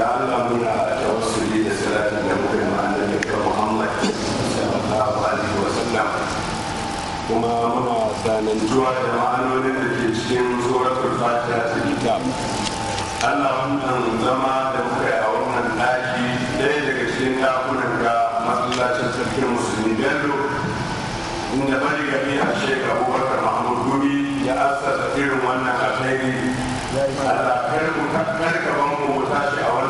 ya Allah muna tawassuli da salatin da muka ma annabi ka Muhammad sallallahu alaihi wa sallam kuma muna tsanantuwa da ma'anonin da ke cikin suratul fatiha ta kitab Allah wannan zama da muka yi a wannan daki ɗaya daga cikin dakunan ga masallacin sarkin musulmi Bello inda bari gari a shekaru Abubakar Mahmud Gumi ya assasa irin wannan alheri Allah kar ku kar ka ban mu tashi a wannan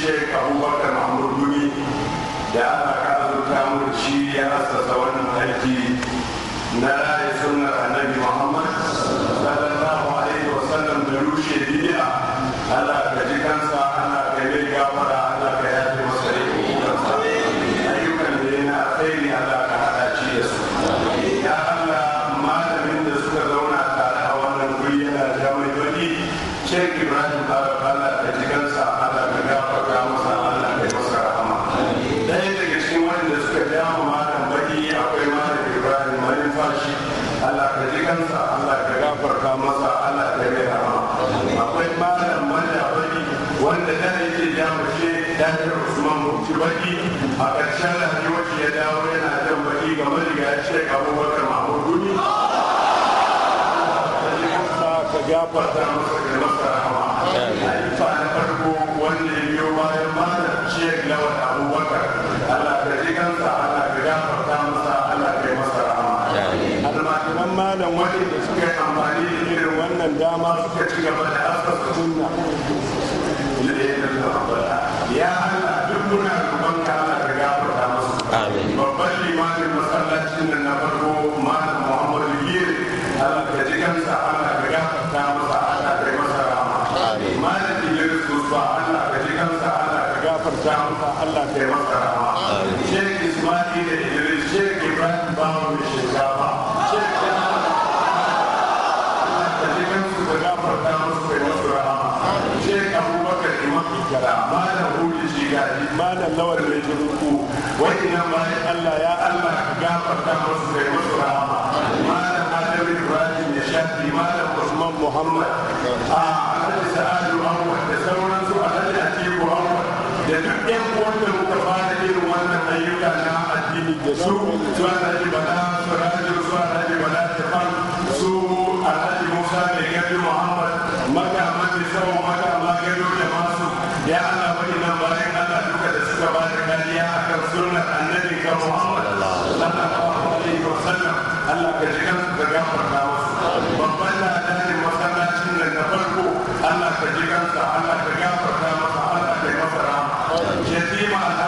sheik abubakar mahmud gumi da ana ka azurta mu da shi ya asasa wannan aiki na kunna ya Allah duk muna roƙon ka Allah ka gafarta musu amin babban limamin masallacin nan na farko malam Muhammad Liyir Allah ka ji kansa Allah ka gafarta masa Allah ka masa rahama amin malam Liyir Sufa Allah ka ji kansa Allah ka gafarta masa Allah ka masa rahama amin Sheikh Ismail da Idris gari malam lawar mai ku. wani nan bayan allah ya allah ka gafarta masu kai masu rahama malam adam ibrahim ya shafi malam usman muhammad a alhaji sa'adu awwal da sauransu alhaji atiku awwal da duk yan uwan da muka fara irin wannan ayyuka na addini da su su alhaji bala su alhaji su alhaji bala tafan su alhaji musa mai gari muhammad maka mafi sawan maka magano da masu ya ka Muhammad Allah ka ji kansu ka gafarta musu babban ladani masallaci ne na farko Allah ka ala kansa Allah ka gafarta masa Allah ka yi masa rama yatima Allah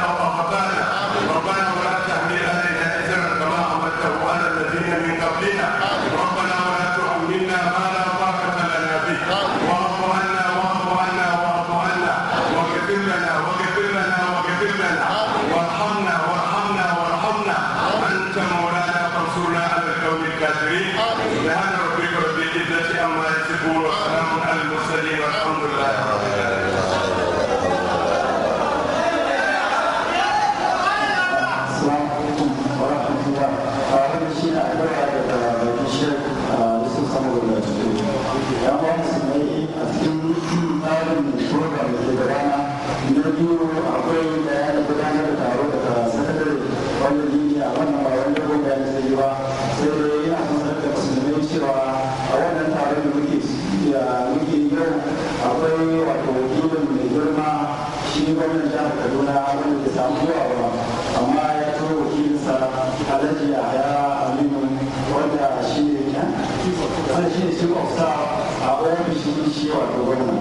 chief a ofishin shi wato wannan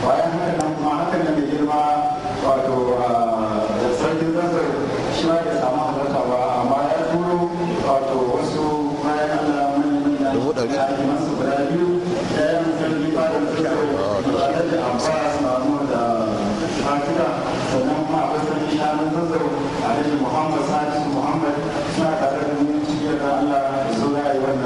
bayan haka nan kuma haka nan mai girma wato ah, sarkin zanzar shi ma ya samu halarta ba amma ya turo wato wasu bayan allah manyan da ake masu guda biyu ɗayan sarki zanzar da da abbas da sannan kuma akwai sarki shanun zanzar alhaji muhammad salisu muhammad suna tare da mu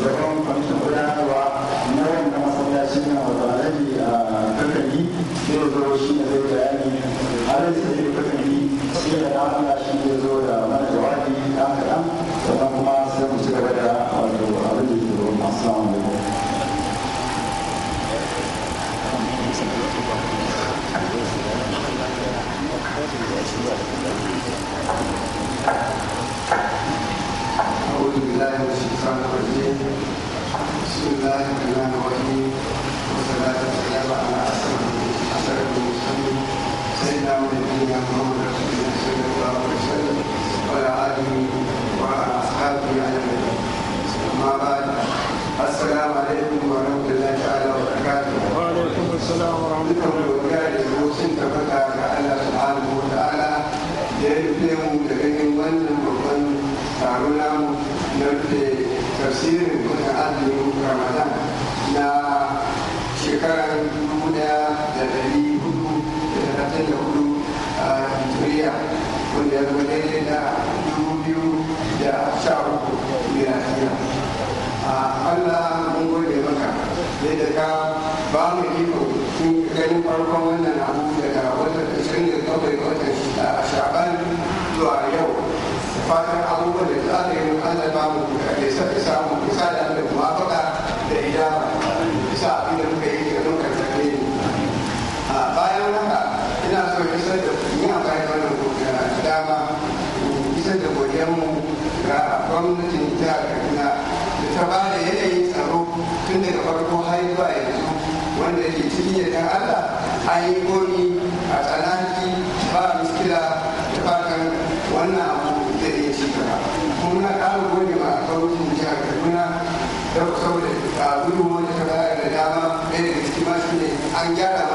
Thank you. نبينا محمد صلى الله da ga mu da wannan na ya zama daidai da dubu sha uku miladiya a allah mun gode maka ne da ba mu wannan abu daga watan ashirin da bakwai watan zuwa yau fatan abubuwan da za allah ba mu da samu an yi komi a tsanaki ba miskila da fatan wannan abu zai iya ci gaba kuma na ƙara gode ma gwamnatin jihar kaduna da saboda ah, gudunmawar da ta bayar da dama ɗaya da cikin masu ne an gyara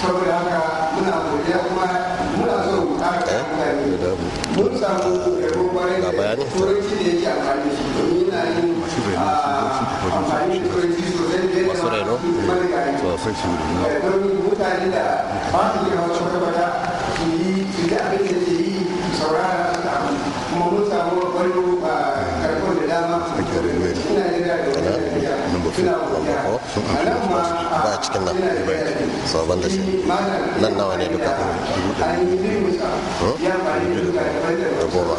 saboda haka muna godiya kuma muna so mu ƙara eh, mutane mun samu yabo bayan da turanci da yake amfani shi domin yana yin ah, amfani da turanci sosai da yadda mana gari mutane da ba su yi hausa kwata su yi su yi abin da ke yi saurara su kuma mun samu wani ah, karfin da dama ina jira da wani butu wanda ko sun amfani ba a cikin nan bai so ban da shi nan nawa ne duka dubu hmm? da goma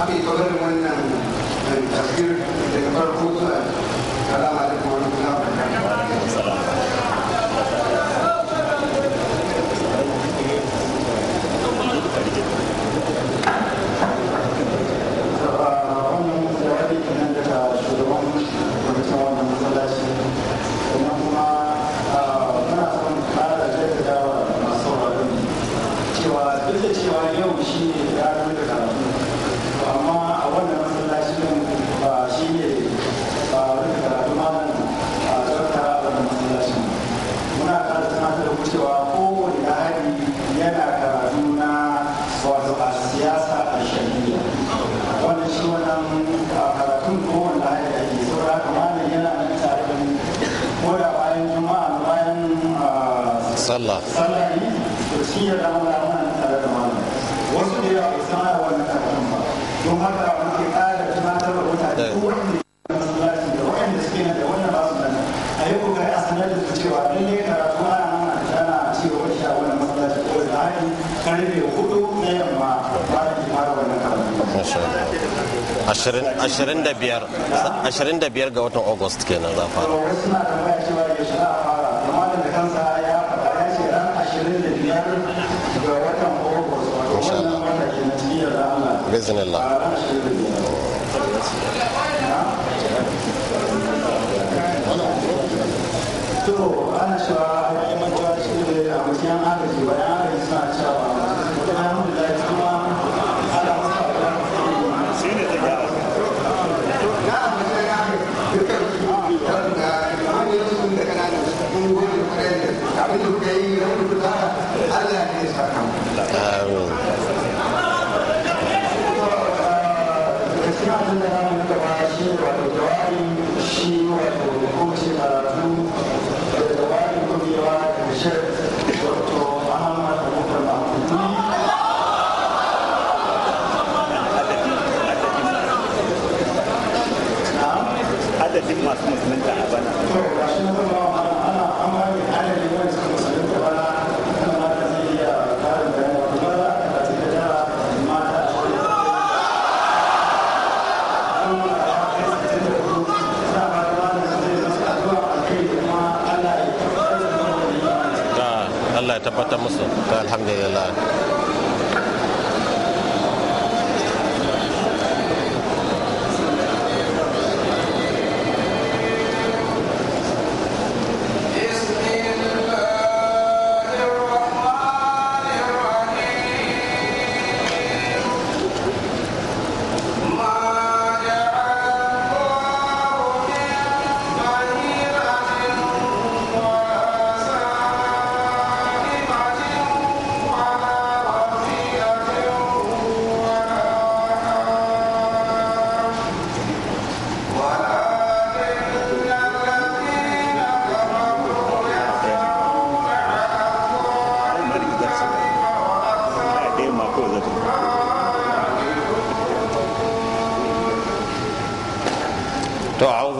tapi kalau dengan yang terakhir yang terputus adalah 25 ga watan august kenan za fara bizinillah duk masu musulunta a bana Allah ya tabbatar musu alhamdulillah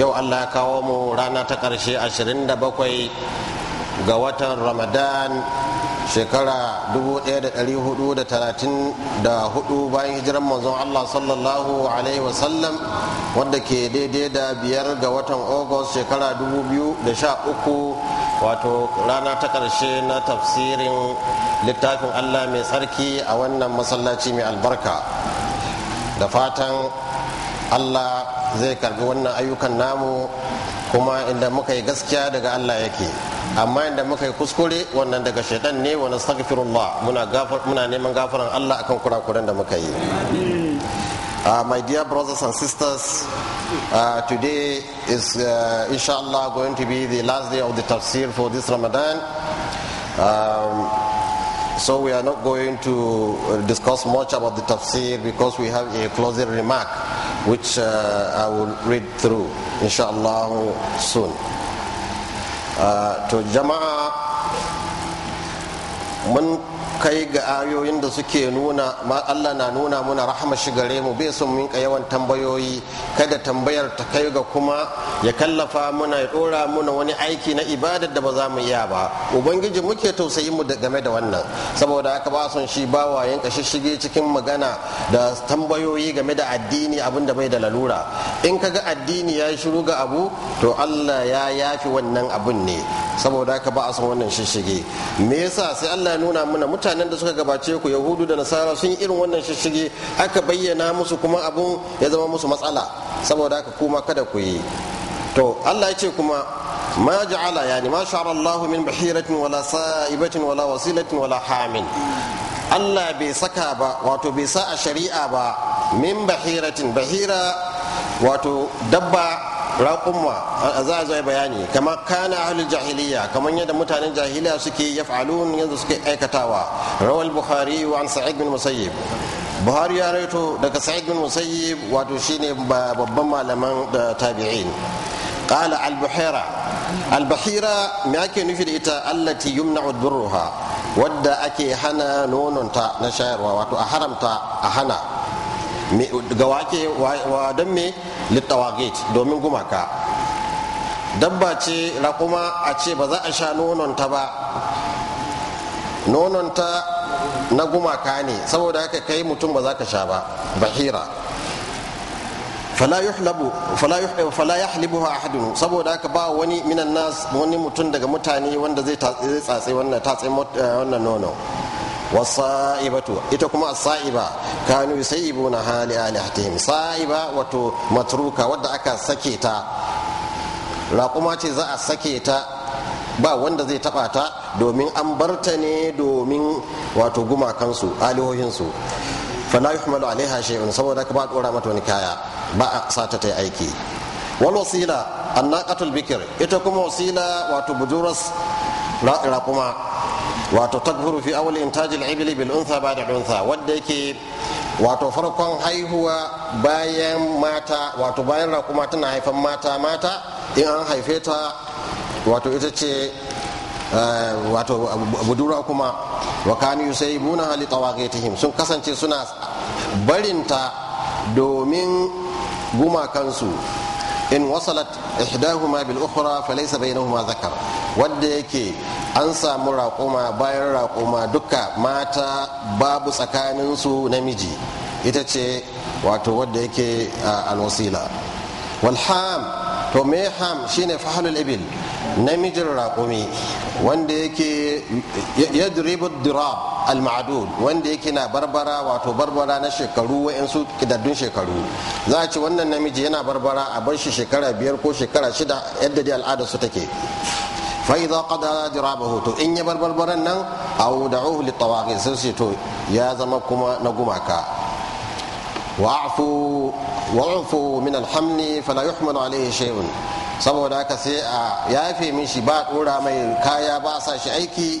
yau allah ya kawo mu rana ta ƙarshe 27 ga watan ramadan shekara 1434 bayan hijiran manzon allah sallallahu alaihi wasallam wadda ke daidai da biyar ga watan august shekara 2013 wato rana ta ƙarshe na tafsirin littafin allah mai tsarki a wannan masallaci mai albarka da fatan allah zai karbi wannan ayyukan namu kuma inda muka yi gaskiya daga allah yake amma inda muka yi kuskure wannan daga shaidan ne wani astaghfirullah muna muna neman gafaran allah akan kurakuran da muka yi uh, my dear brothers and sisters uh, today is uh, inshallah going to be the last day of the tafsir for this ramadan um, so we are not going to discuss much about the tafsir because we have a closing remark which uh, I will read through inshallah soon. Uh, to Jama'ah, kai ga ayoyin da suke nuna Allah na nuna muna rahama shi gare mu bai son mun yawan tambayoyi kada tambayar ta kai ga kuma ya kallafa muna ya dora muna wani aiki na ibadar da ba za mu iya ba ubangiji muke tausayi mu game da wannan saboda haka ba son shi bawa yanka shige cikin magana da tambayoyi game da addini abin da bai da lalura in kaga addini ya shiru ga abu to Allah ya yafi wannan abun ne saboda haka ba a son wannan shishige me yasa sai Allah ya nuna muna mutane mutanen da suka gabace ku yahudu da nasara sun yi irin wannan shishige aka bayyana musu kuma abun ya zama musu matsala saboda haka kuma kada ku yi to allah ya ce kuma ma ja'ala yani ma sha'ara allah min bahiratin wala sa'ibatin wala wasilatin wala hamin allah bai saka ba wato bai sa a shari'a ba min bahiratin bahira wato dabba raƙumma za a zai bayani kama kana ahlul jahiliya kamar yadda mutanen jahiliya suke yaf'alun yadda suke aikatawa rawal bukhari wa an sa'id bin musayyib buhari ya raito daga sa'id bin musayyib wato shine babban malaman da tabi'in qala al-buhira al-bahira me ake nufi da ita allati yumna'u durruha wadda ake hana nononta na shayarwa wato a haramta a hana ga wake wa don me littawagit domin gumaka dabba ce kuma a ce ba za a sha nononta ba nononta na gumaka ne saboda haka kai mutum ba za ka sha ba bahira fala a ahadun saboda haka ba wani minan nas wani mutum daga mutane wanda zai tatse eh, wannan nono wasa'ibatu ita kuma sa'iba kanu yusayibuna hali alihatihim sa'iba wato matruka wadda aka sake ta raƙuma ce za a sake ta ba wanda zai taɓa ta domin an barta ne domin wato gumakansu alihohinsu fala yuhmalu alaiha shay'un saboda ka ba dora mata wani kaya ba a sata ta aiki wal wasila annaqatul bikr ita kuma wasila wato bujuras raƙuma wato tadhuru fi awal intaji al-ibli bil untha ba'da untha wanda yake wato farkon haihuwa bayan mata wato bayan rakuma tana haifan mata mata in an haife ta wato ita ce eh, wato budura kuma wa kanu yusaybuna hali tawaqitihim sun kasance suna barinta domin gumakansu in wasalat ihdahuma bil ukhra falaysa bainahuma zakar wanda yake an samu raƙuma bayan raƙuma duka mata babu tsakanin su namiji ita ce wato wadda yake alwasila walham to me ham shine fahalul ibil namijin raƙumi wanda yake yadribu dirab al-ma'dud wanda yake na barbara wato barbara na shekaru wa'insu kidaddun shekaru za a wannan namiji yana barbara a bar shi shekara biyar ko shekara shida yadda dai al'ada su take fa idza qada dirabahu to in ya bar barbaran nan aw da'uhu litawaqi sai to ya zama kuma na gumaka wa'fu wa'fu min alhamli fala yuhmalu saboda haka sai a yafe mishi ba dora mai kaya ba sa shi aiki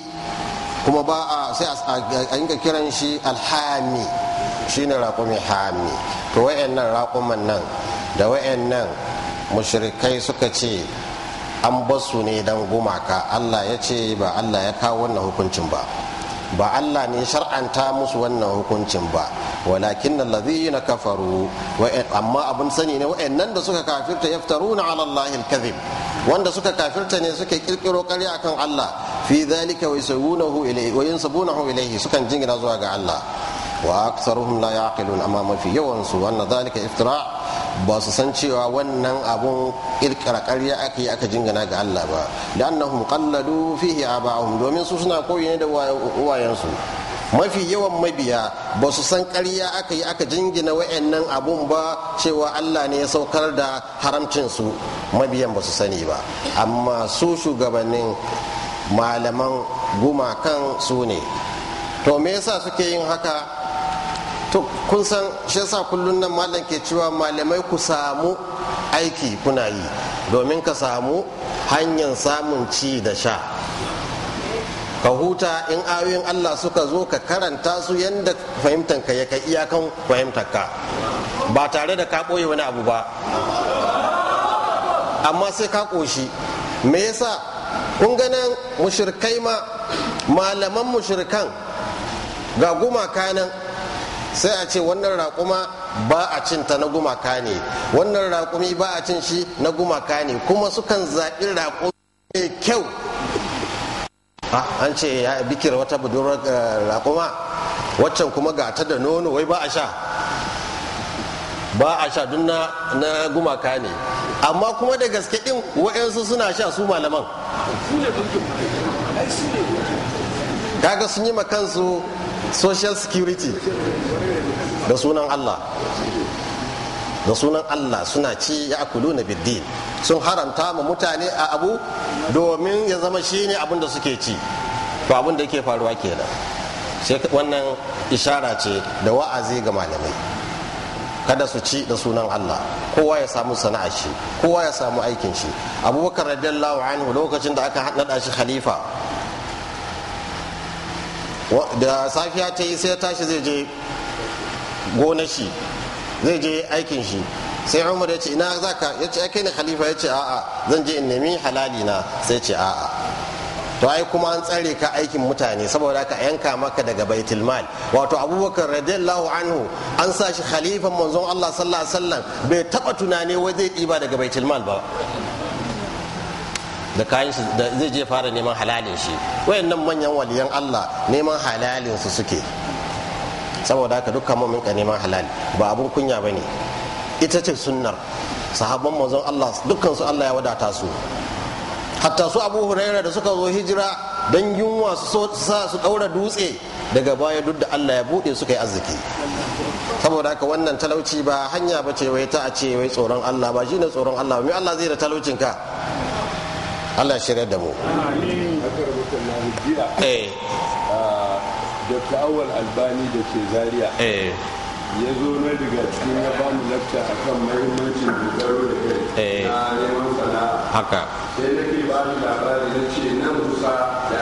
kuma ba a sai a yi kiran shi alhami shine raƙumi hami to nan raƙuman nan da nan mushrikai suka ce an basu ne dan gumaka Allah ya ce ba Allah ya kawo wannan hukuncin ba ba Allah ne shar'anta musu wannan hukuncin ba walakin allazina kafaru amma abun sani ne wa'annan da suka kafirta yaftaruna ala Allah wanda suka kafirta ne suka kirkiro ƙarya akan Allah fi zalika wa yasawunahu ilayhi wa sukan jingina zuwa ga Allah wa aktsaruhum la yaqilun amma mafi yawansu su wannan zalika iftira' ba su san cewa wannan abun kirkira ƙarya aka yi aka jingana ga Allah ba da annahum qalladu fihi aba'ahum domin su suna koyi ne da uwayensu mafi yawan mabiya ba su san ƙarya aka yi aka jingina wa'annan abun ba cewa Allah ne ya saukar da haramcinsu mabiyan ba su sani ba amma su shugabannin malaman gumakan su ne to me yasa suke yin haka to kun san shi yasa kullun nan malam ke cewa malamai ku samu aiki kuna yi domin ka samu hanyar samun ci da sha ka huta in ayoyin Allah suka zo ka karanta su yadda fahimtanka ya kai iyakan fahimtar ka ba tare da ka ɓoye wani abu ba amma sai ka ƙoshi me yasa kun ganin mushirkai ma malaman mushirkan ga gumaka nan sai a ce wannan raƙuma ba a cin ta na gumaka ne wannan raƙumi ba a cin shi na gumaka ne kuma sukan zaɓi raƙumi mai kyau an ce ya bikira wata budurwar eh, raƙuma waccan kuma ga ta da nono wai ba a sha ba a sha dun na gumaka ne amma kuma da gaske ɗin wa'yansu suna sha su malaman kaga sun yi ma kansu social security da sunan Allah da sunan Allah suna ci ya akulu na biddin sun haramta ma mutane a abu domin ya zama shi ne da suke ci to da yake faruwa kenan sai wannan ishara ce da wa'azi ga malamai kada su ci da sunan Allah kowa ya samu sana'a shi kowa ya samu aikin shi abubakar radiyallahu anhu lokacin da aka naɗa shi khalifa da safiya ta yi sai tashi zai je gona shi zai je aikin shi sai umar ya ce ina za ka ya ce khalifa ya ce a'a zan je in nemi halali na sai ce a'a to ai kuma an tsare ka aikin mutane saboda ka yanka maka daga baitul mal wato abubakar radiyallahu anhu an sa shi khalifan manzon Allah sallallahu alaihi wasallam bai taba tunane wai zai ɗiba daga baitul mal ba da kayan shi da zai je fara neman halalin shi wayannan manyan waliyan Allah neman halalin su suke saboda haka dukkan mu'min ka neman halal ba abun kunya bane ita ce sunnar sahabban manzon Allah dukkan su Allah ya wadata su hatta su Abu Huraira da suka zo hijira dan yunwa su sa su daura dutse daga baya duk da Allah ya bude suka yi arziki saboda haka wannan talauci ba hanya ba ce wai ta a ce wai tsoron Allah ba shine tsoron Allah ba me Allah zai da talaucin ka Allah shirya da mu eh. Dr. Awal Albani da ke Zaria eh. ya zo na daga cikin ya ba mu lakta a kan mahimmancin dogaro da kai eh. na neman sana'a haka sai nake ba ni labari na ce nan kusa da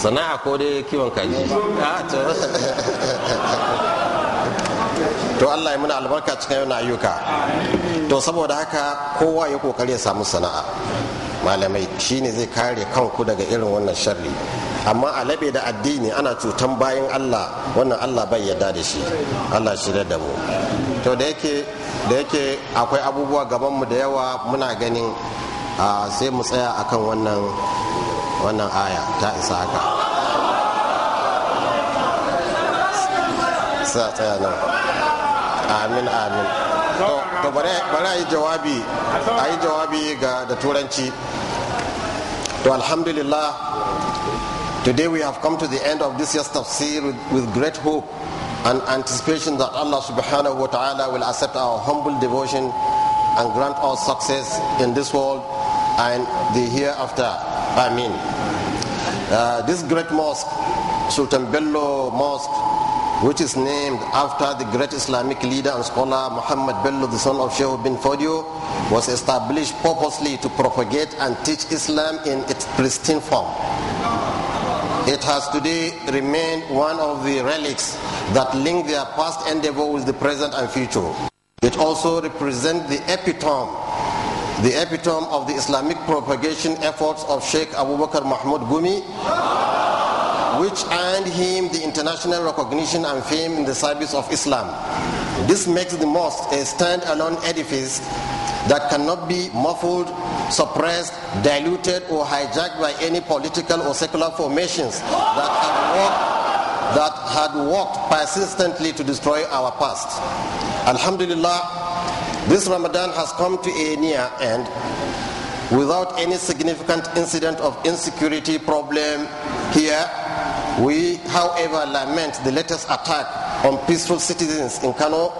sana'a ko dai kiwon kaji ah, to Allah ya muna albarka cikin yana ayyuka to saboda haka kowa ya kokari ya samu sana'a malamai ne zai kare kanku daga irin wannan sharri amma a labe da addini ana cutan bayan Allah wannan Allah bai yarda da shi Allah shi da mu to da yake da yake akwai abubuwa gabanmu da yawa muna ganin ah, sai mu tsaya akan wannan wannan aya ta isa haka sa tsaya nan amin amin to bari a yi jawabi a yi jawabi ga da turanci to alhamdulillah today we have come to the end of this year's tafsir with, with great hope and anticipation that Allah subhanahu wa ta'ala will accept our humble devotion and grant us success in this world and the hereafter. Amin. Uh, this great mosque, Sultan Bello Mosque, which is named after the great Islamic leader and scholar Muhammad Bello, the son of Sheikh bin Fodio, was established purposely to propagate and teach Islam in its pristine form. It has today remained one of the relics that link their past endeavor with the present and future. It also represents the epitome the epitome of the Islamic propagation efforts of Sheikh Abu Bakr Mahmoud Gumi, which earned him the international recognition and fame in the service of Islam. This makes the mosque a stand-alone edifice that cannot be muffled, suppressed, diluted, or hijacked by any political or secular formations that had worked, that had worked persistently to destroy our past. Alhamdulillah, this Ramadan has come to a near end without any significant incident of insecurity problem here. We, however, lament the latest attack on peaceful citizens in Kano.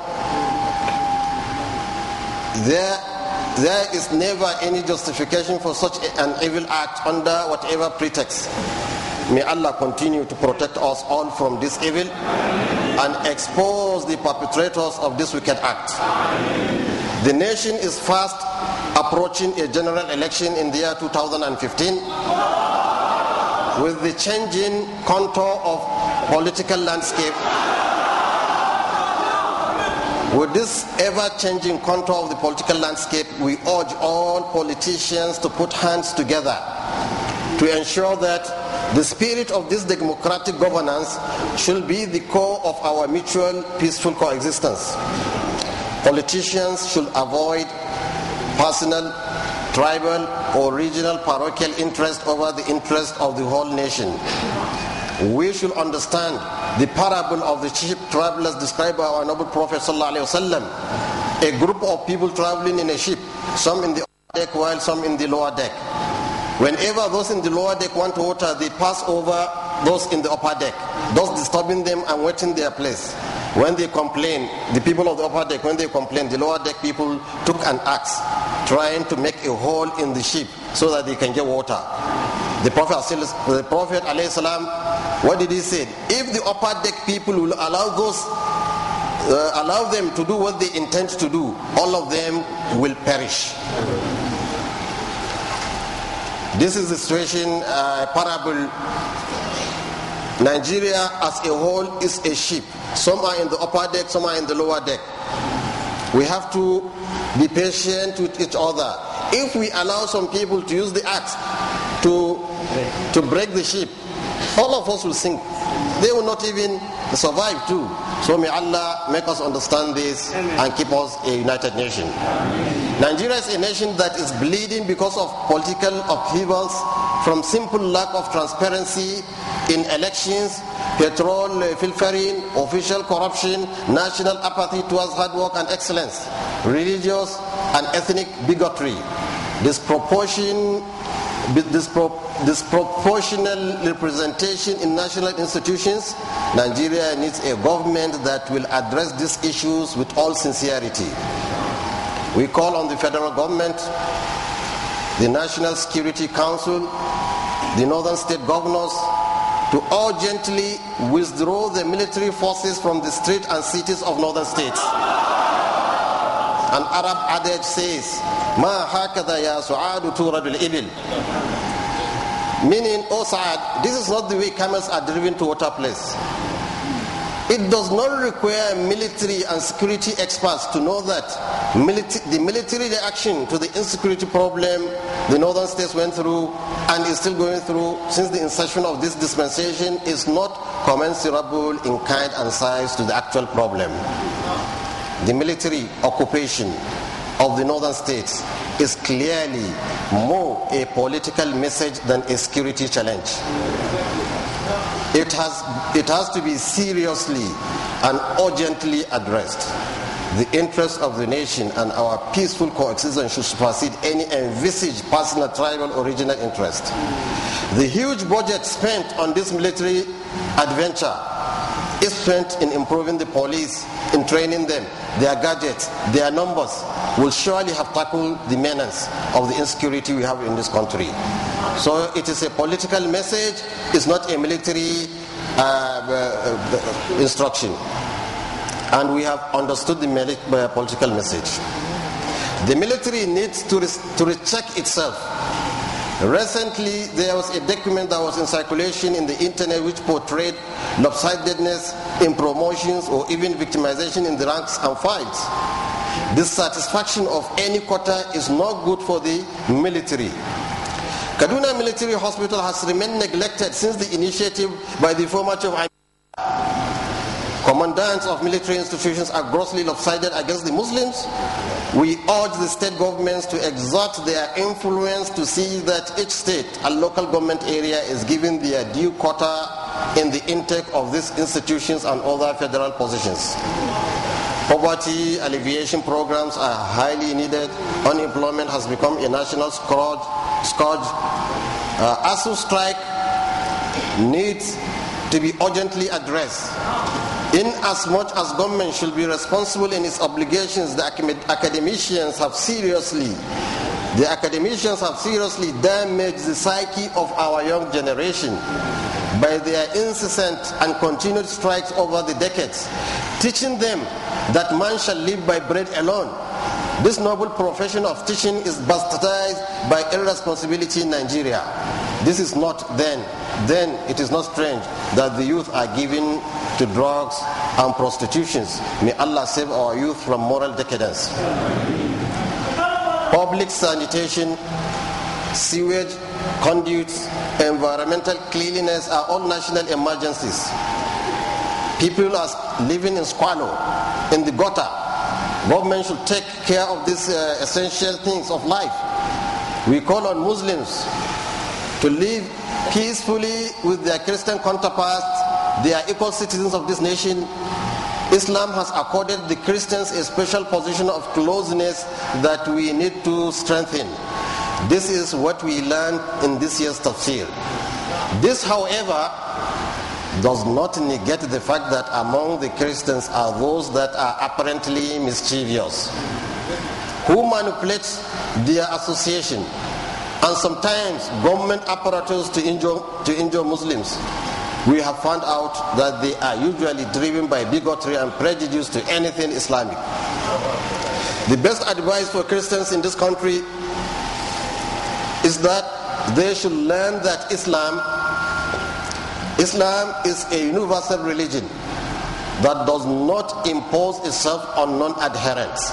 There, there is never any justification for such an evil act under whatever pretext. May Allah continue to protect us all from this evil and expose the perpetrators of this wicked act. The nation is fast approaching a general election in the year 2015 with the changing contour of political landscape. With this ever-changing contour of the political landscape, we urge all politicians to put hands together to ensure that the spirit of this democratic governance should be the core of our mutual peaceful coexistence. Politicians should avoid personal, tribal, or regional parochial interest over the interest of the whole nation. We should understand the parable of the ship travelers described by our noble Prophet ﷺ. A A group of people traveling in a ship, some in the upper deck while some in the lower deck. Whenever those in the lower deck want water, they pass over those in the upper deck, thus disturbing them and wetting their place. When they complained, the people of the upper deck, when they complained, the lower deck people took an axe, trying to make a hole in the ship so that they can get water. The Prophet, the Prophet ﷺ, what did he say? If the upper deck people will allow those, uh, allow them to do what they intend to do, all of them will perish. This is the situation, uh, parable Nigeria as a whole is a ship. Some are in the upper deck, some are in the lower deck. We have to be patient with each other. If we allow some people to use the axe to, to break the ship, all of us will sink they will not even survive too. So may Allah make us understand this Amen. and keep us a united nation. Amen. Nigeria is a nation that is bleeding because of political upheavals from simple lack of transparency in elections, petrol eh, filtering, official corruption, national apathy towards hard work and excellence, religious and ethnic bigotry, disproportion disproportional representation in national institutions, Nigeria needs a government that will address these issues with all sincerity. We call on the federal government, the National Security Council, the northern state governors, to urgently withdraw the military forces from the streets and cities of northern states. An Arab adage says, Ma hakada ya su'adu turadul ibil. Meaning, O Sa'ad, this is not the way camels are driven to water place. It does not require military and security experts to know that the military reaction to the insecurity problem the northern states went through and is still going through since the insertion of this dispensation is not commensurable in kind and size to the actual problem the military occupation of the northern states is clearly more a political message than a security challenge. It has, it has to be seriously and urgently addressed. The interests of the nation and our peaceful coexistence should supersede any envisaged personal, tribal, or regional interest. The huge budget spent on this military adventure his strength in improving the police, in training them, their gadgets, their numbers, will surely have tackled the menace of the insecurity we have in this country. So it is a political message, it's not a military uh, uh, uh instruction. And we have understood the uh, political message. The military needs to, to recheck itself Recently, there was a document that was in circulation in the internet which portrayed lopsidedness in promotions or even victimization in the ranks and files. Dissatisfaction of any quarter is not good for the military. Kaduna Military Hospital has remained neglected since the initiative by the former chief commandants of military institutions are grossly lopsided against the Muslims. We urge the state governments to exert their influence to see that each state and local government area is given their due quota in the intake of these institutions and other federal positions. Poverty alleviation programs are highly needed. Unemployment has become a national scourge. scourge. Uh, ASU strike needs to be urgently addressed in as much as government should be responsible in its obligations the academicians have seriously the academicians have seriously damaged the psyche of our young generation by their incessant and continued strikes over the decades teaching them that man shall live by bread alone this noble profession of teaching is bastardized by irresponsibility in Nigeria. This is not then, then it is not strange that the youth are given to drugs and prostitutions. May Allah save our youth from moral decadence. Public sanitation, sewage, conduits, environmental cleanliness are all national emergencies. People are living in squalor, in the gutter. Government should take care of these uh, essential things of life. We call on Muslims to live peacefully with their Christian counterparts they are equal citizens of this nation. Islam has accorded the Christians a special position of closeness that we need to strengthen. This is what we learned in this year's tafsir. This, however, does not negate the fact that among the Christians are those that are apparently mischievous, who manipulate their association and sometimes government apparatus to injure, to injure Muslims we have found out that they are usually driven by bigotry and prejudice to anything Islamic. The best advice for Christians in this country is that they should learn that Islam Islam is a universal religion that does not impose itself on non-adherents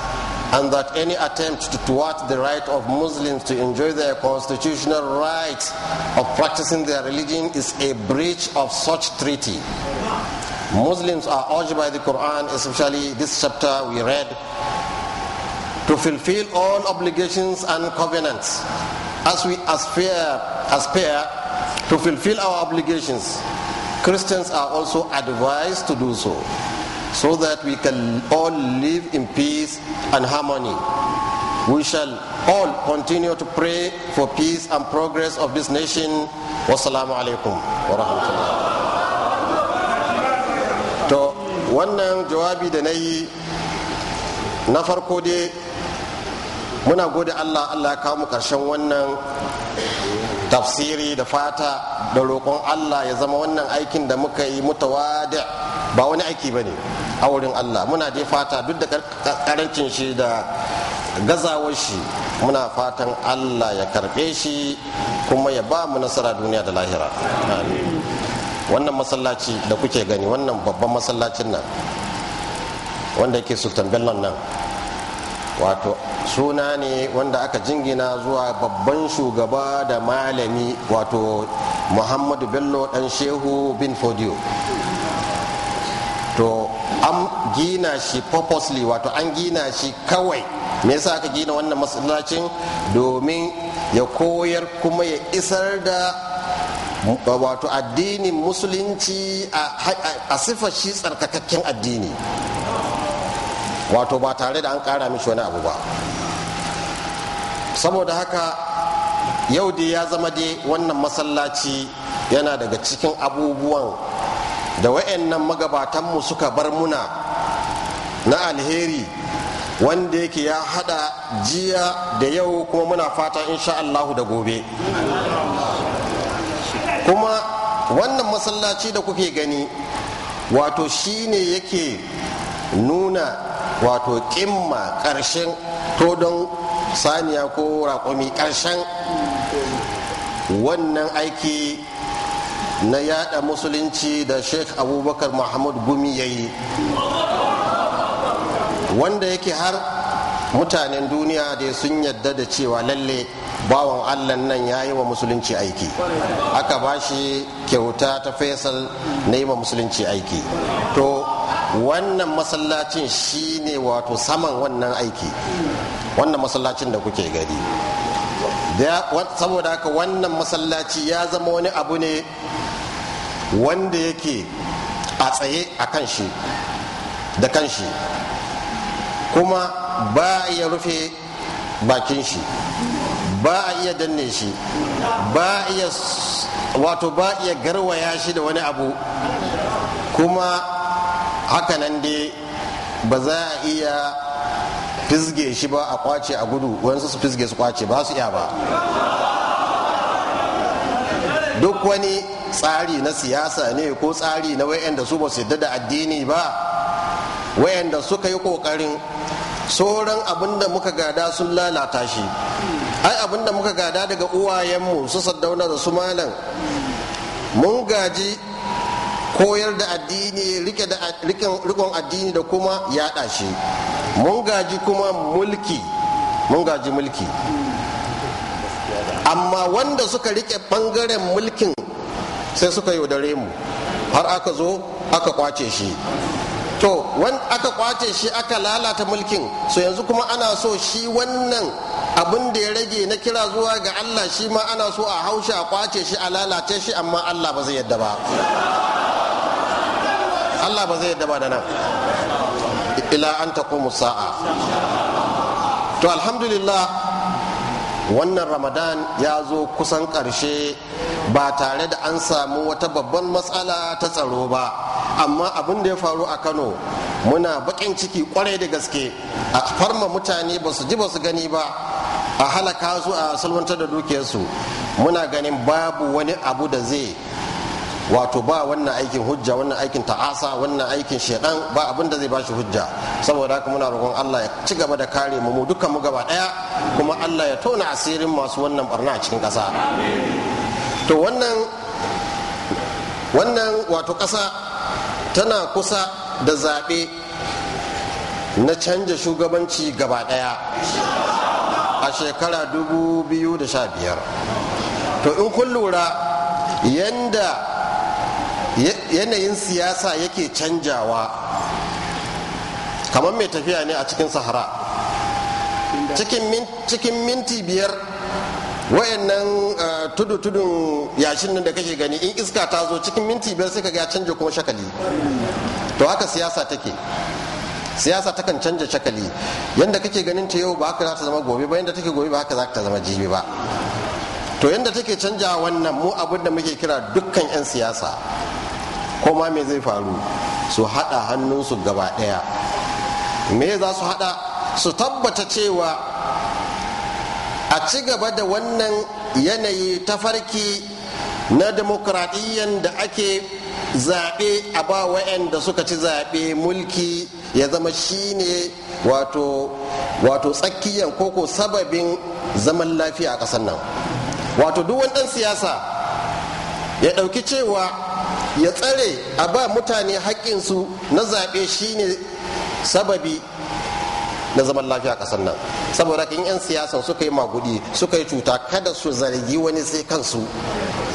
and that any attempt to thwart the right of Muslims to enjoy their constitutional right of practicing their religion is a breach of such treaty. Muslims are urged by the Quran, especially this chapter we read, to fulfill all obligations and covenants as we aspire, aspire to fulfill our obligations. Christians are also advised to do so. so that we can all live in peace and harmony. We shall all continue to pray for peace and progress of this nation. Wassalamu alaikum wa To wannan jawabi da na yi na farko dai muna gode Allah Allah ya kawo mu karshen wannan tafsiri da fata da roƙon Allah ya zama wannan aikin da muka yi mutawadi ba wani aiki ba ne a wurin Allah muna da fata duk da karancin shi da gazawar shi muna fatan Allah ya karɓe shi kuma ya ba mu nasara duniya da lahira wannan masallaci da kuke gani wannan babban masallacin nan wanda yake sultan bellon nan wato suna ne wanda aka jingina zuwa babban shugaba da malami wato muhammadu bello dan shehu bin Fodio to an gina shi purposely wato an gina shi kawai me yasa aka gina wannan masallacin domin ya koyar kuma ya isar da wato addinin musulunci a siffar shi tsarkakakken addini wato ba tare da an kara mishi wani abu ba saboda haka yau de ya zama dai wannan masallaci yana daga cikin abubuwan da wayannan magabatanmu suka bar muna na alheri wanda yake ya hada jiya da yau kuma muna fata insha Allahu da gobe kuma wannan masallaci da kuke gani wato shine yake nuna wato kimma karshen to don saniya ko raƙumi karshen wannan aiki na yada musulunci da sheikh abubakar mahmud gumi ya yi wanda yake har mutanen duniya da sun yadda da cewa lalle bawan allan nan ya yi wa musulunci aiki aka ba shi kyauta ta faisal na yi wa musulunci aiki to wannan masallacin shine wato saman wannan aiki wannan masallacin da kuke gari saboda haka wannan masallaci ya zama wani abu ne wanda yake a tsaye a kan shi da kan shi kuma ba a iya rufe bakin shi ba a iya danne shi ba a iya wato ba a iya garwaya shi da wani abu kuma hakanan dai ba za a iya fizge shi ba a kwace a gudu wansu su fizge su kwace ba su iya ba duk wani tsari na siyasa ne ko tsari na wayanda su ba su yadda da addini ba wayanda suka yi kokarin sauran abin da muka gada sun lalata shi ai abin da muka gada daga uwayenmu su saddauna da su malam mun gaji koyar da addini da rikon addini da kuma yaɗa shi mun gaji kuma mulki mun gaji mulki amma wanda suka rike bangaren mulkin sai suka yaudare mu har aka zo aka kwace shi to wan aka kwace shi aka lalata mulkin so yanzu kuma ana so shi wannan abin da ya rage na kira zuwa ga allah shi ma ana so a haushi a kwace shi a lalace shi amma allah ba zai yadda ba Allah ba zai yadda ba da nan ila an taqumu sa'a to alhamdulillah wannan ramadan ya zo kusan ƙarshe ba tare da an samu wata babban matsala ta tsaro ba amma abin da ya faru a kano muna bakin ciki kwarai da gaske a farma mutane ba su ji ba su gani ba a halaka su a salwantar da dukiyarsu muna ganin babu wani abu da zai wato ba wannan aikin hujja wannan aikin ta'asa wannan aikin shedan ba abin da zai bashi hujja saboda haka muna roƙon Allah ya ci gaba da kare mu dukkan mu gaba daya kuma Allah ya tona asirin masu wannan barna a cikin ƙasa to wannan wannan wato ƙasa tana kusa da zaɓe na canja shugabanci gaba ɗaya a shekara 2015 to in kun lura yanda yanayin siyasa yake canjawa kamar mai tafiya ne a cikin sahara cikin minti biyar wayannan eh, tudu-tudun yashin nan da kake gani in iska ta zo cikin minti biyar sai ka ga canja kuma shakali to haka siyasa take siyasa takan canja shakali yadda kake ganin ta yau ba haka za ta zama gobe ba yadda take gobe ba haka za ta zama jibi ba to yadda take canja wannan mu abin da muke kira dukkan 'yan siyasa ko ma me zai faru su haɗa hannunsu gaba ɗaya me za su haɗa su tabbata cewa a ci gaba da wannan yanayi ta farki na demokradiyyan da ake zaɓe a ba wa'anda suka ci zaɓe mulki ya zama shine wato wato tsakiyan koko sababin zaman lafiya a ƙasar nan wato duk wani ɗan siyasa ya ɗauki cewa ya tsare a ba mutane haƙƙinsu na zaɓe shine sababi na zaman lafiya a ƙasar nan saboda kan 'yan siyasan suka yi magudi suka yi cuta kada su zargi wani sai kansu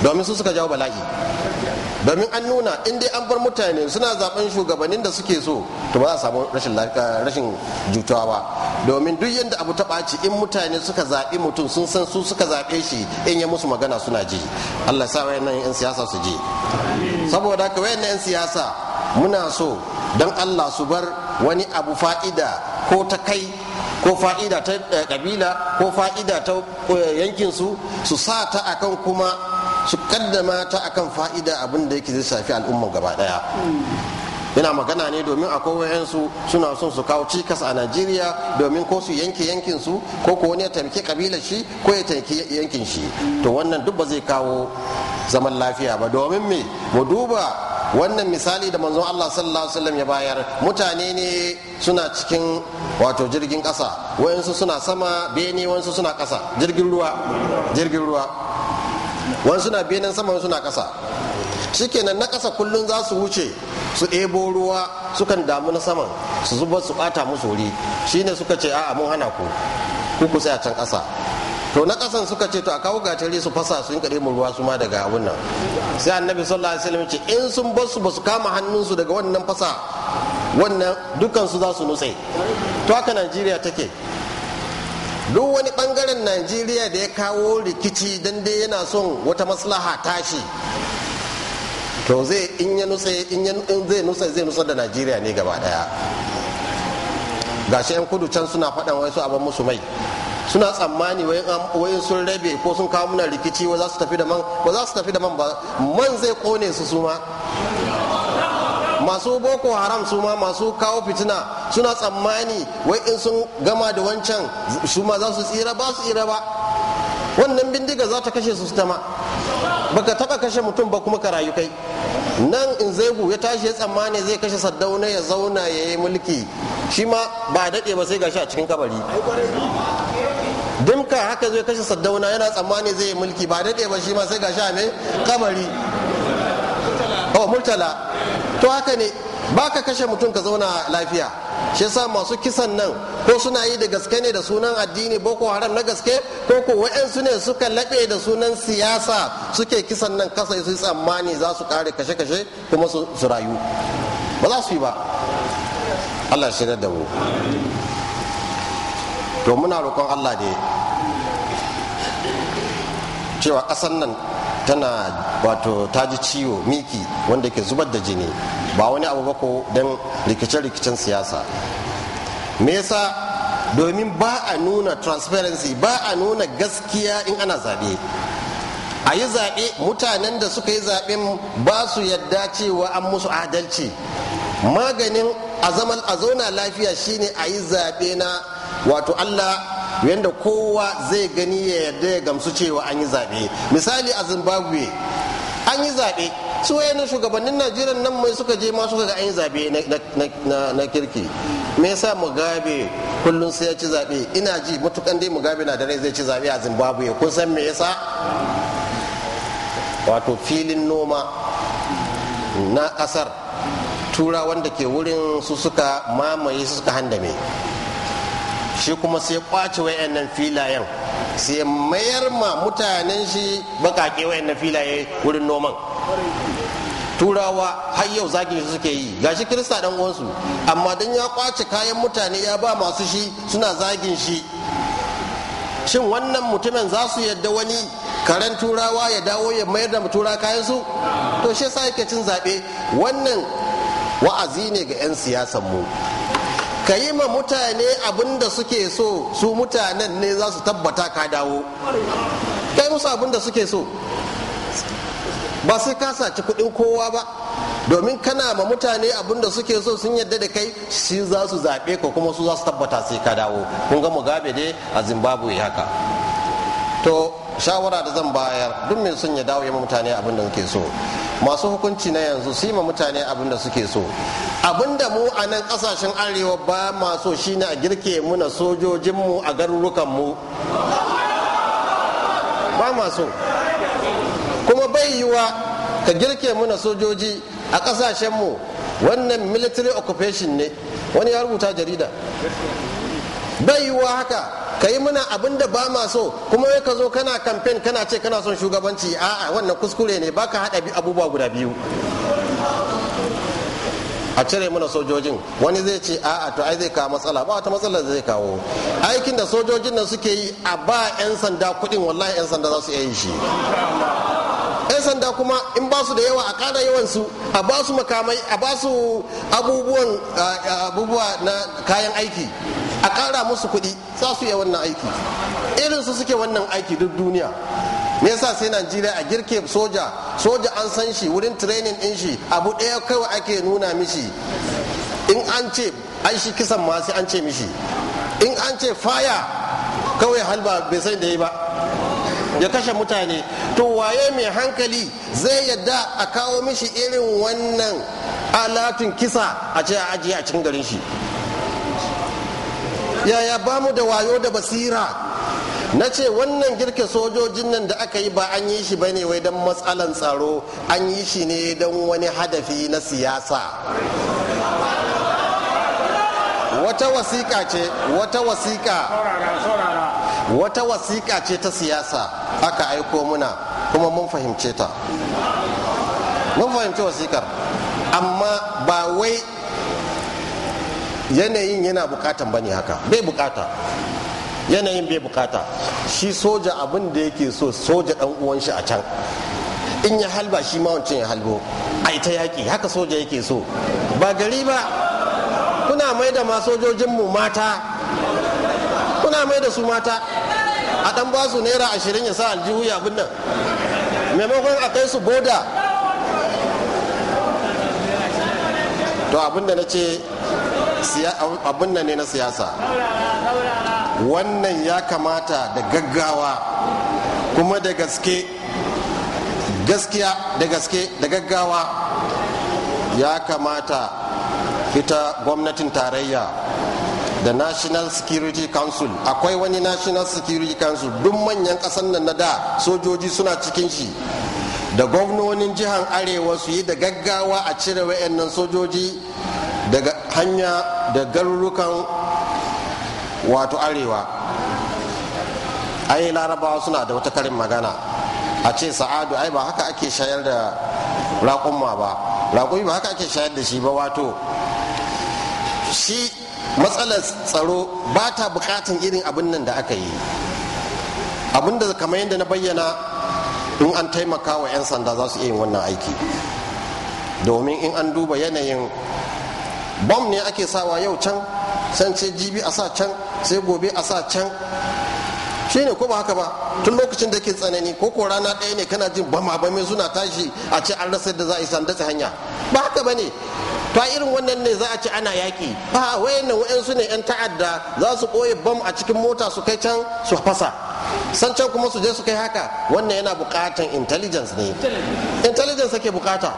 domin su suka jawo bala'i domin an nuna in dai an bar mutane suna zaben shugabannin da suke so to ba za a samu rashin rashin jutawa ba domin duk yadda abu ta ɓaci in mutane suka zaɓi mutum sun san su suka zaɓe shi in ya musu magana suna ji Allah sa wayannan yan siyasa su ji saboda haka wayannan yan siyasa muna so don Allah su bar wani abu fa'ida ko ta kai ko fa'ida ta kabila eh, ko fa'ida ta eh, yankinsu su sa ta akan kuma su kaddama ta akan fa'ida abin da yake zai shafi al'umma gaba daya yana magana ne domin akwai wayansu suna son su kawo cikas a najeriya domin ko su yanke yankinsu, su ko ko wani ya taimaki kabilar shi ko ya taimaki yankin shi to wannan duk ba zai kawo zaman lafiya ba domin me mu duba wannan misali da manzon Allah sallallahu alaihi wasallam ya bayar mutane ne suna cikin wato jirgin kasa wayansu suna sama bene wayansu suna kasa jirgin ruwa jirgin ruwa wani suna benin sama suna ƙasa shikenan na kasa kullum za su wuce su ebo ruwa sukan damu na saman su zuba su bata musu wuri shine suka ce a'a mun hana ku ku ku a can ƙasa to na ƙasan suka ce to a kawo gatari su fasa su yi mu ruwa su ma daga abun sai annabi sallallahu alaihi wasallam ce in sun bar su ba su kama hannunsu daga wannan fasa wannan su za su nutse to haka najeriya take duk wani bangaren najeriya da ya kawo rikici don dai yana son wata maslaha tashi to zai in ya nutse zai nutse zai da najeriya ne gaba daya gashi yan kudu can suna faɗan wai su abin musu mai suna tsammani wai sun rabe ko sun kawo muna rikici wa tafi da man ba za su tafi da man ba man zai kone su suma masu boko haram su ma masu kawo fitina suna tsammani wai in sun gama da wancan su ma za su tsira ba su tsira ba wannan bindiga za ta kashe su ta ma baka taba kashe mutum ba kuma ka rayu kai nan in zaihu ya tashi ya tsammani zai kashe saddauna ya zauna ya yi mulki shi ma ba daɗe ba sai gashi a cikin kabari dimka haka zai kashe saddauna yana tsammani zai yi mulki ba daɗe ba shi ma sai gashi a mai kabari oh murtala to haka ne ba ka kashe mutum ka zauna lafiya shi yasa masu kisan nan ko suna yi da gaske ne da sunan addini boko haram na gaske ko ko wa'yansu ne suka laɓe da sunan siyasa suke kisan nan kasa su tsammani za su kare kashe-kashe kuma su rayu ba za su yi ba allah shi da mu to muna roƙon allah ne cewa ƙasan nan tana wato ta ji ciwo miki wanda ke zubar da jini ba wani abu ba ko don rikice-rikicen siyasa me yasa domin ba a nuna transparency ba a nuna gaskiya in ana zaɓe a yi zaɓe mutanen da suka yi zaɓen ba su yadda cewa an musu adalci maganin a zauna lafiya shine a yi zaɓe na wato allah yadda kowa zai gani ya yarda ya gamsu cewa an yi zaɓe misali a zimbabwe an yi zaɓe su na shugabannin najeriya nan mai suka je ma suka ga an yi zaɓe na kirki me yasa mugabe kullum sai ya ci zaɓe ina ji matukan dai mugabe na da rai zai ci zaɓe a zimbabwe kun san me yasa wato filin noma na ƙasar tura wanda ke wurin su suka mamaye su suka handame shi kuma sai kwace wayannan filayen sai mayar ma mutanen shi bakake wayannan filaye wurin noman turawa har yau zagin shi suke yi gashi kirista dan uwansu amma dan ya kwace kayan mutane ya ba masu shi suna zagin shi shin wannan mutumin za su yadda wani karen turawa ya dawo ya mayar da tura kayan su to shi yasa yake cin zaɓe wannan wa'azi ne ga 'yan siyasan mu ka yi ma mutane abin da suke so su mutanen ne za su tabbata ka dawo kai musu abin da suke so ba sai ka saci kuɗin kowa ba domin kana ma mutane abin da suke so sun yadda da kai shi za su zaɓe ka kuma su za su tabbata sai ka dawo kun ga gabe dai a zimbabwe haka to shawara da zan bayar duk mai son ya dawo ya mutane abin da suke so masu hukunci na yanzu su yi ma mutane abin da suke so abin da mu a nan kasashen arewa ba maso shine a girke muna sojojinmu a garurukanmu ba maso kuma bai yiwa ka girke muna sojoji a mu wannan military occupation ne wani ya rubuta jarida bai yiwa haka ka yi muna abin da ba ma so kuma wai ka zo kana kamfen kana ce kana son shugabanci a'a wannan kuskure ne baka haɗa abubuwa guda biyu a cire mana sojojin wani zai ce a'a to ai zai kawo matsala ba wata matsala zai kawo aikin da sojojin nan suke yi a ba 'yan sanda kudin wallahi 'yan sanda za su iya shi 'yan sanda kuma in ba su da yawa a kada yawan su a ba su makamai a ba su abubuwan abubuwa na kayan aiki a kara musu kuɗi za su iya wannan aiki irin su suke wannan aiki duk duniya me yasa sai najeriya a girke soja soja an san shi wurin training din shi abu ɗaya kawai ake nuna mishi in an ce an shi kisan ma sai an ce mishi in an ce faya kawai halba bai san da yi ba ya kashe mutane to waye mai hankali zai yadda a kawo mishi irin wannan alatun kisa a ce a ajiye a cikin garin shi yaya ba mu da wayo da basira na ce wannan girke sojojin nan da aka yi ba an yi shi bane wai don matsalan tsaro an yi shi ne don wani hadafi na siyasa wata wasiƙa ce wata wasiƙa wata wasiƙa ce ta siyasa aka aiko muna kuma mun fahimce ta mun fahimci wasiƙar amma ba wai yanayin yana bukatan bane haka bai bukata yanayin bai bukata shi soja abin da yake so soja dan uwan shi a can in ya halba shi ma wancan ya halbo ai ta yaki haka soja yake so ba gari ba kuna mai da ma sojojinmu mata kuna mai da su mata a dan ba su naira ashirin ya sa aljihu ya bin nan maimakon a kai su boda to abin da na ce abin nan ne na siyasa wannan ya kamata da gaggawa kuma da gaske gaskiya da gaske da gaggawa ya kamata fita gwamnatin tarayya da national security council akwai wani national security council duk manyan kasan nan na da sojoji suna cikin shi da gwamnonin jihar arewa su yi da gaggawa a cire wayannan sojoji daga hanya da garurukan wato arewa ai larabawa suna da wata karin magana a ce sa'adu ai ba haka ake shayar da raƙumma ba raƙumi ba haka ake shayar da shi ba wato shi matsalar tsaro ba ta bukatan irin abin nan da aka yi abin da kamar yadda na bayyana in an taimaka wa 'yan sanda za su iya yin wannan aiki domin in an duba yanayin bom ne ake sawa yau can san ce jibi a sa can sai gobe a sa can shi ne ko ba haka ba tun lokacin da ke tsanani ko ko rana ɗaya ne kana jin bama bame suna tashi a ce an rasa da za a yi sandace hanya ba haka ba ne ta irin wannan ne za a ci ana yaƙi a wayannan wayansu ne 'yan ta'adda za su ɓoye bom a cikin mota su kai can su fasa san can kuma su je su kai haka wannan yana buƙatan intelligence ne intelligence ake bukata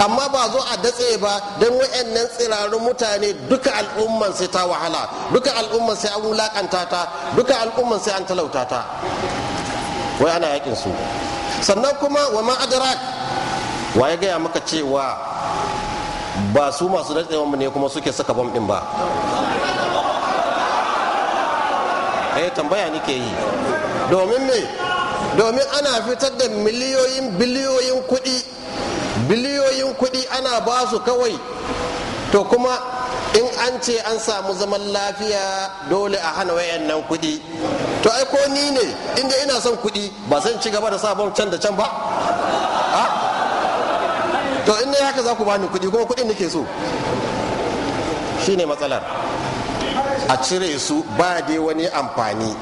amma ba zo a datse ba don wayannan tsirarun mutane duka al'umman sai ta wahala duka al'umman sai an wulakanta ta duka al'umman sai an talauta ta wai ana yakin su sannan kuma wa ma'adarak wa ya gaya maka cewa ba su masu datsewa mu ne kuma suke saka bom din ba eh tambaya nike yi domin me domin ana fitar da miliyoyin biliyoyin kuɗi biliyoyin kuɗi ana ba su kawai to kuma in an ce an samu zaman lafiya dole a hana wayannan kuɗi to ai ko ni ne inda ina son kuɗi ba zan ci gaba da sabon can da can ba to in ya haka za ku bani kuɗi kuma kuɗin nake so shine matsalar a cire su ba dai wani amfani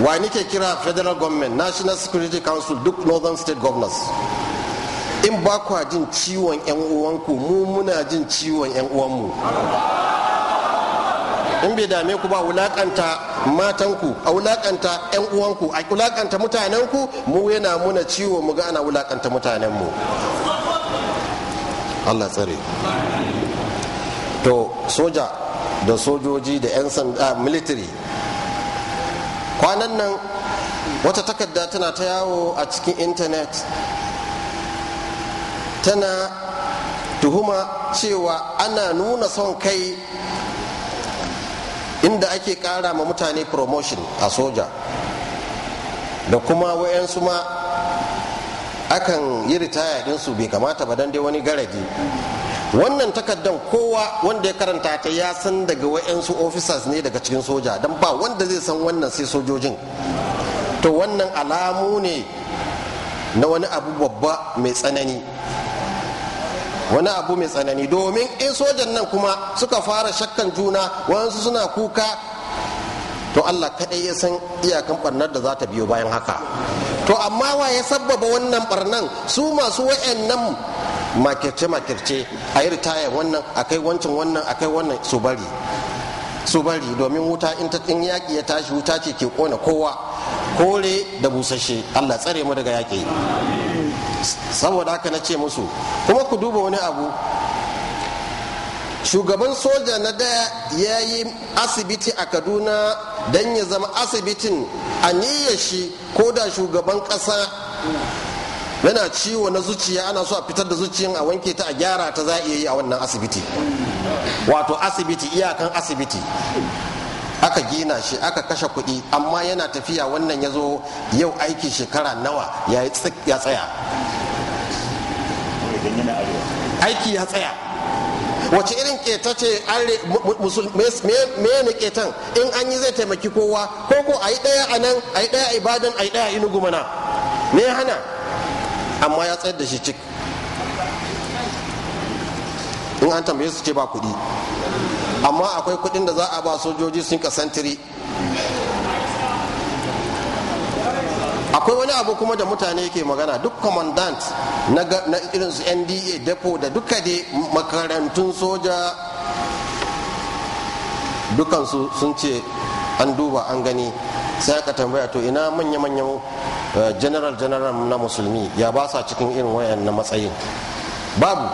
wa nike kira federal government national security council duk northern state governors in ba kwa jin ciwon 'yan uwanku mu muna jin ciwon 'yan uwanmu in bai dame ku ba wulakanta matanku a wulakanta 'yan uwanku a wulakanta mutanenku mu yana muna ciwo mu ga ana wulakanta mutanenmu allah tsare to soja da sojoji da 'yan sanda ah, military kwanan nan wata takarda tana ta yawo a cikin intanet tana tuhuma cewa ana nuna son kai inda ake kara ma mutane promotion a soja da kuma wayansu ma akan yi ritaya dinsu bai kamata ba dan dai wani garaji wannan takaddan kowa wanda ya karanta ta ya san daga wayansu officers ne daga cikin soja don ba wanda zai san wannan sai sojojin to wannan alamu ne na wani abu babba mai tsanani wani abu mai tsanani domin in sojan nan kuma suka fara shakkan juna wasu suna kuka to allah kaɗai ya san iyakan ɓarnar da za ta biyo bayan haka to amma wa ya sabbaba wannan barnan su masu wa'annan makirce-makirce a yi ritaya wannan akai wancan wannan akai wannan su bari su bari domin wuta in ta in yaƙi ya tashi wuta ce ke ƙona kowa kore da busashe allah tsare mu daga yaƙi saboda haka na ce musu kuma ku duba wani abu shugaban soja na daya ya yi asibiti a kaduna don ya zama asibitin a niyya shi ko da shugaban ƙasa yana ciwo na zuciya ana so a fitar da zuciyan a wanke ta a gyara ta za a iya yi a wannan asibiti wato asibiti iyakan asibiti aka gina shi aka kashe kuɗi amma yana tafiya wannan ya zo yau aiki shekara nawa ya ya tsaya aiki ya tsaya wace irin keta ce me ne ketan in an yi zai taimaki kowa ko ko a yi ɗaya a nan a yi ɗaya a ibadan a yi ɗaya a inugu mana me hana amma ya tsayar da shi cik in an tambaye su ce ba kuɗi amma akwai kudin da za a ba sojoji sun kasantiri akwai wani abu kuma da mutane ke magana duk commandant na irin su nda depo da duka dai makarantun soja dukansu sun ce an duba an gani sai aka tambaya to ina manya-manyan eh, general general na musulmi ya ba sa cikin irin wayan na matsayin babu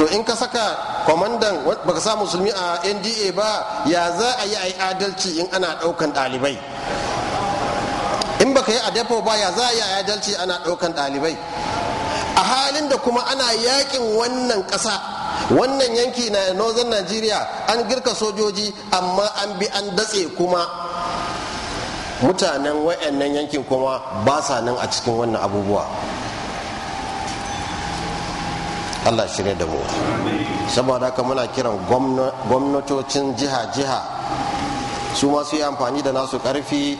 to in ka saka kwamandan baka sa musulmi a nda ba ya za a yi a yi adalci in ana daukan dalibai in baka yi a depo ba ya za a yi a adalci ana daukan dalibai a halin da kuma ana yakin wannan kasa wannan yanki na northern nigeria an girka sojoji amma an bi an datse kuma mutanen wayannan yankin kuma ba sa nan a cikin wannan abubuwa allah shirya da mu saboda haka muna kiran gwamnatocin jiha-jiha su masu yi amfani da nasu karfi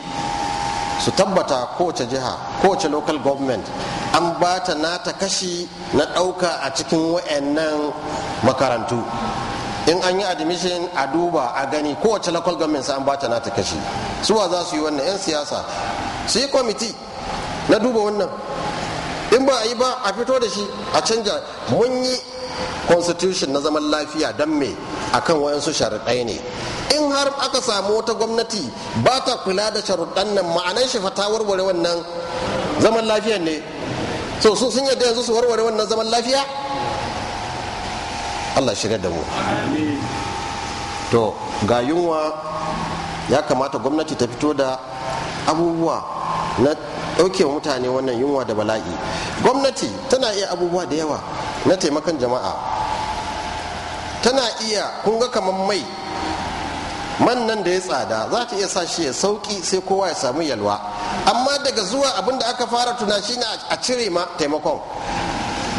su tabbata kowace jiha kowace local government an ba ta nata kashi na ɗauka a cikin wa'annan makarantu in an yi admission a duba a gani kowace local government sa an ba ta nata kashi suwa za su yi wannan 'yan siyasa su yi kwamiti na duba wannan in ba a yi ba a fito da shi a canja mun yi constitution na zaman lafiya don me akan wayansu sharaɗai ne in har aka samu wata gwamnati ba ta kula da sharaɗan nan ma'anar shi fata warware wannan zaman lafiya ne so su sun yadda yanzu su warware wannan zaman lafiya allah shirya da mu to ga yunwa ya kamata gwamnati ta fito da abubuwa na ɗauke wa mutane wannan yunwa da bala'i gwamnati tana iya abubuwa da yawa na taimakon jama'a tana iya kunga kamar mai man nan da ya tsada za ta iya sa shi ya sauki sai kowa ya samu yalwa amma daga zuwa abin da aka fara tuna shi ne a cire ma taimakon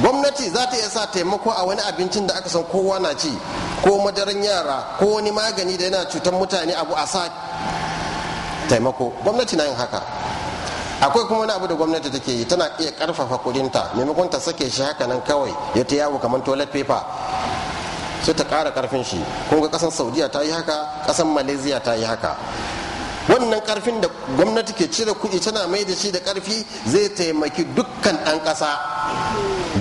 gwamnati za ta iya sa taimako a wani abincin da aka san kowa na ci ko madaran yara ko wani magani da yana cutar mutane abu a sa taimako gwamnati na yin haka akwai kuma wani abu da gwamnati take yi tana iya karfafa kudinta maimakon ta sake shi haka nan kawai ya ta yawo kamar toilet paper sai ta kara karfin shi kun ga kasar saudiya ta yi haka kasar malaysia ta yi haka wannan karfin da gwamnati ke cire kuɗi tana mai da shi da karfi zai taimaki dukkan ɗan ƙasa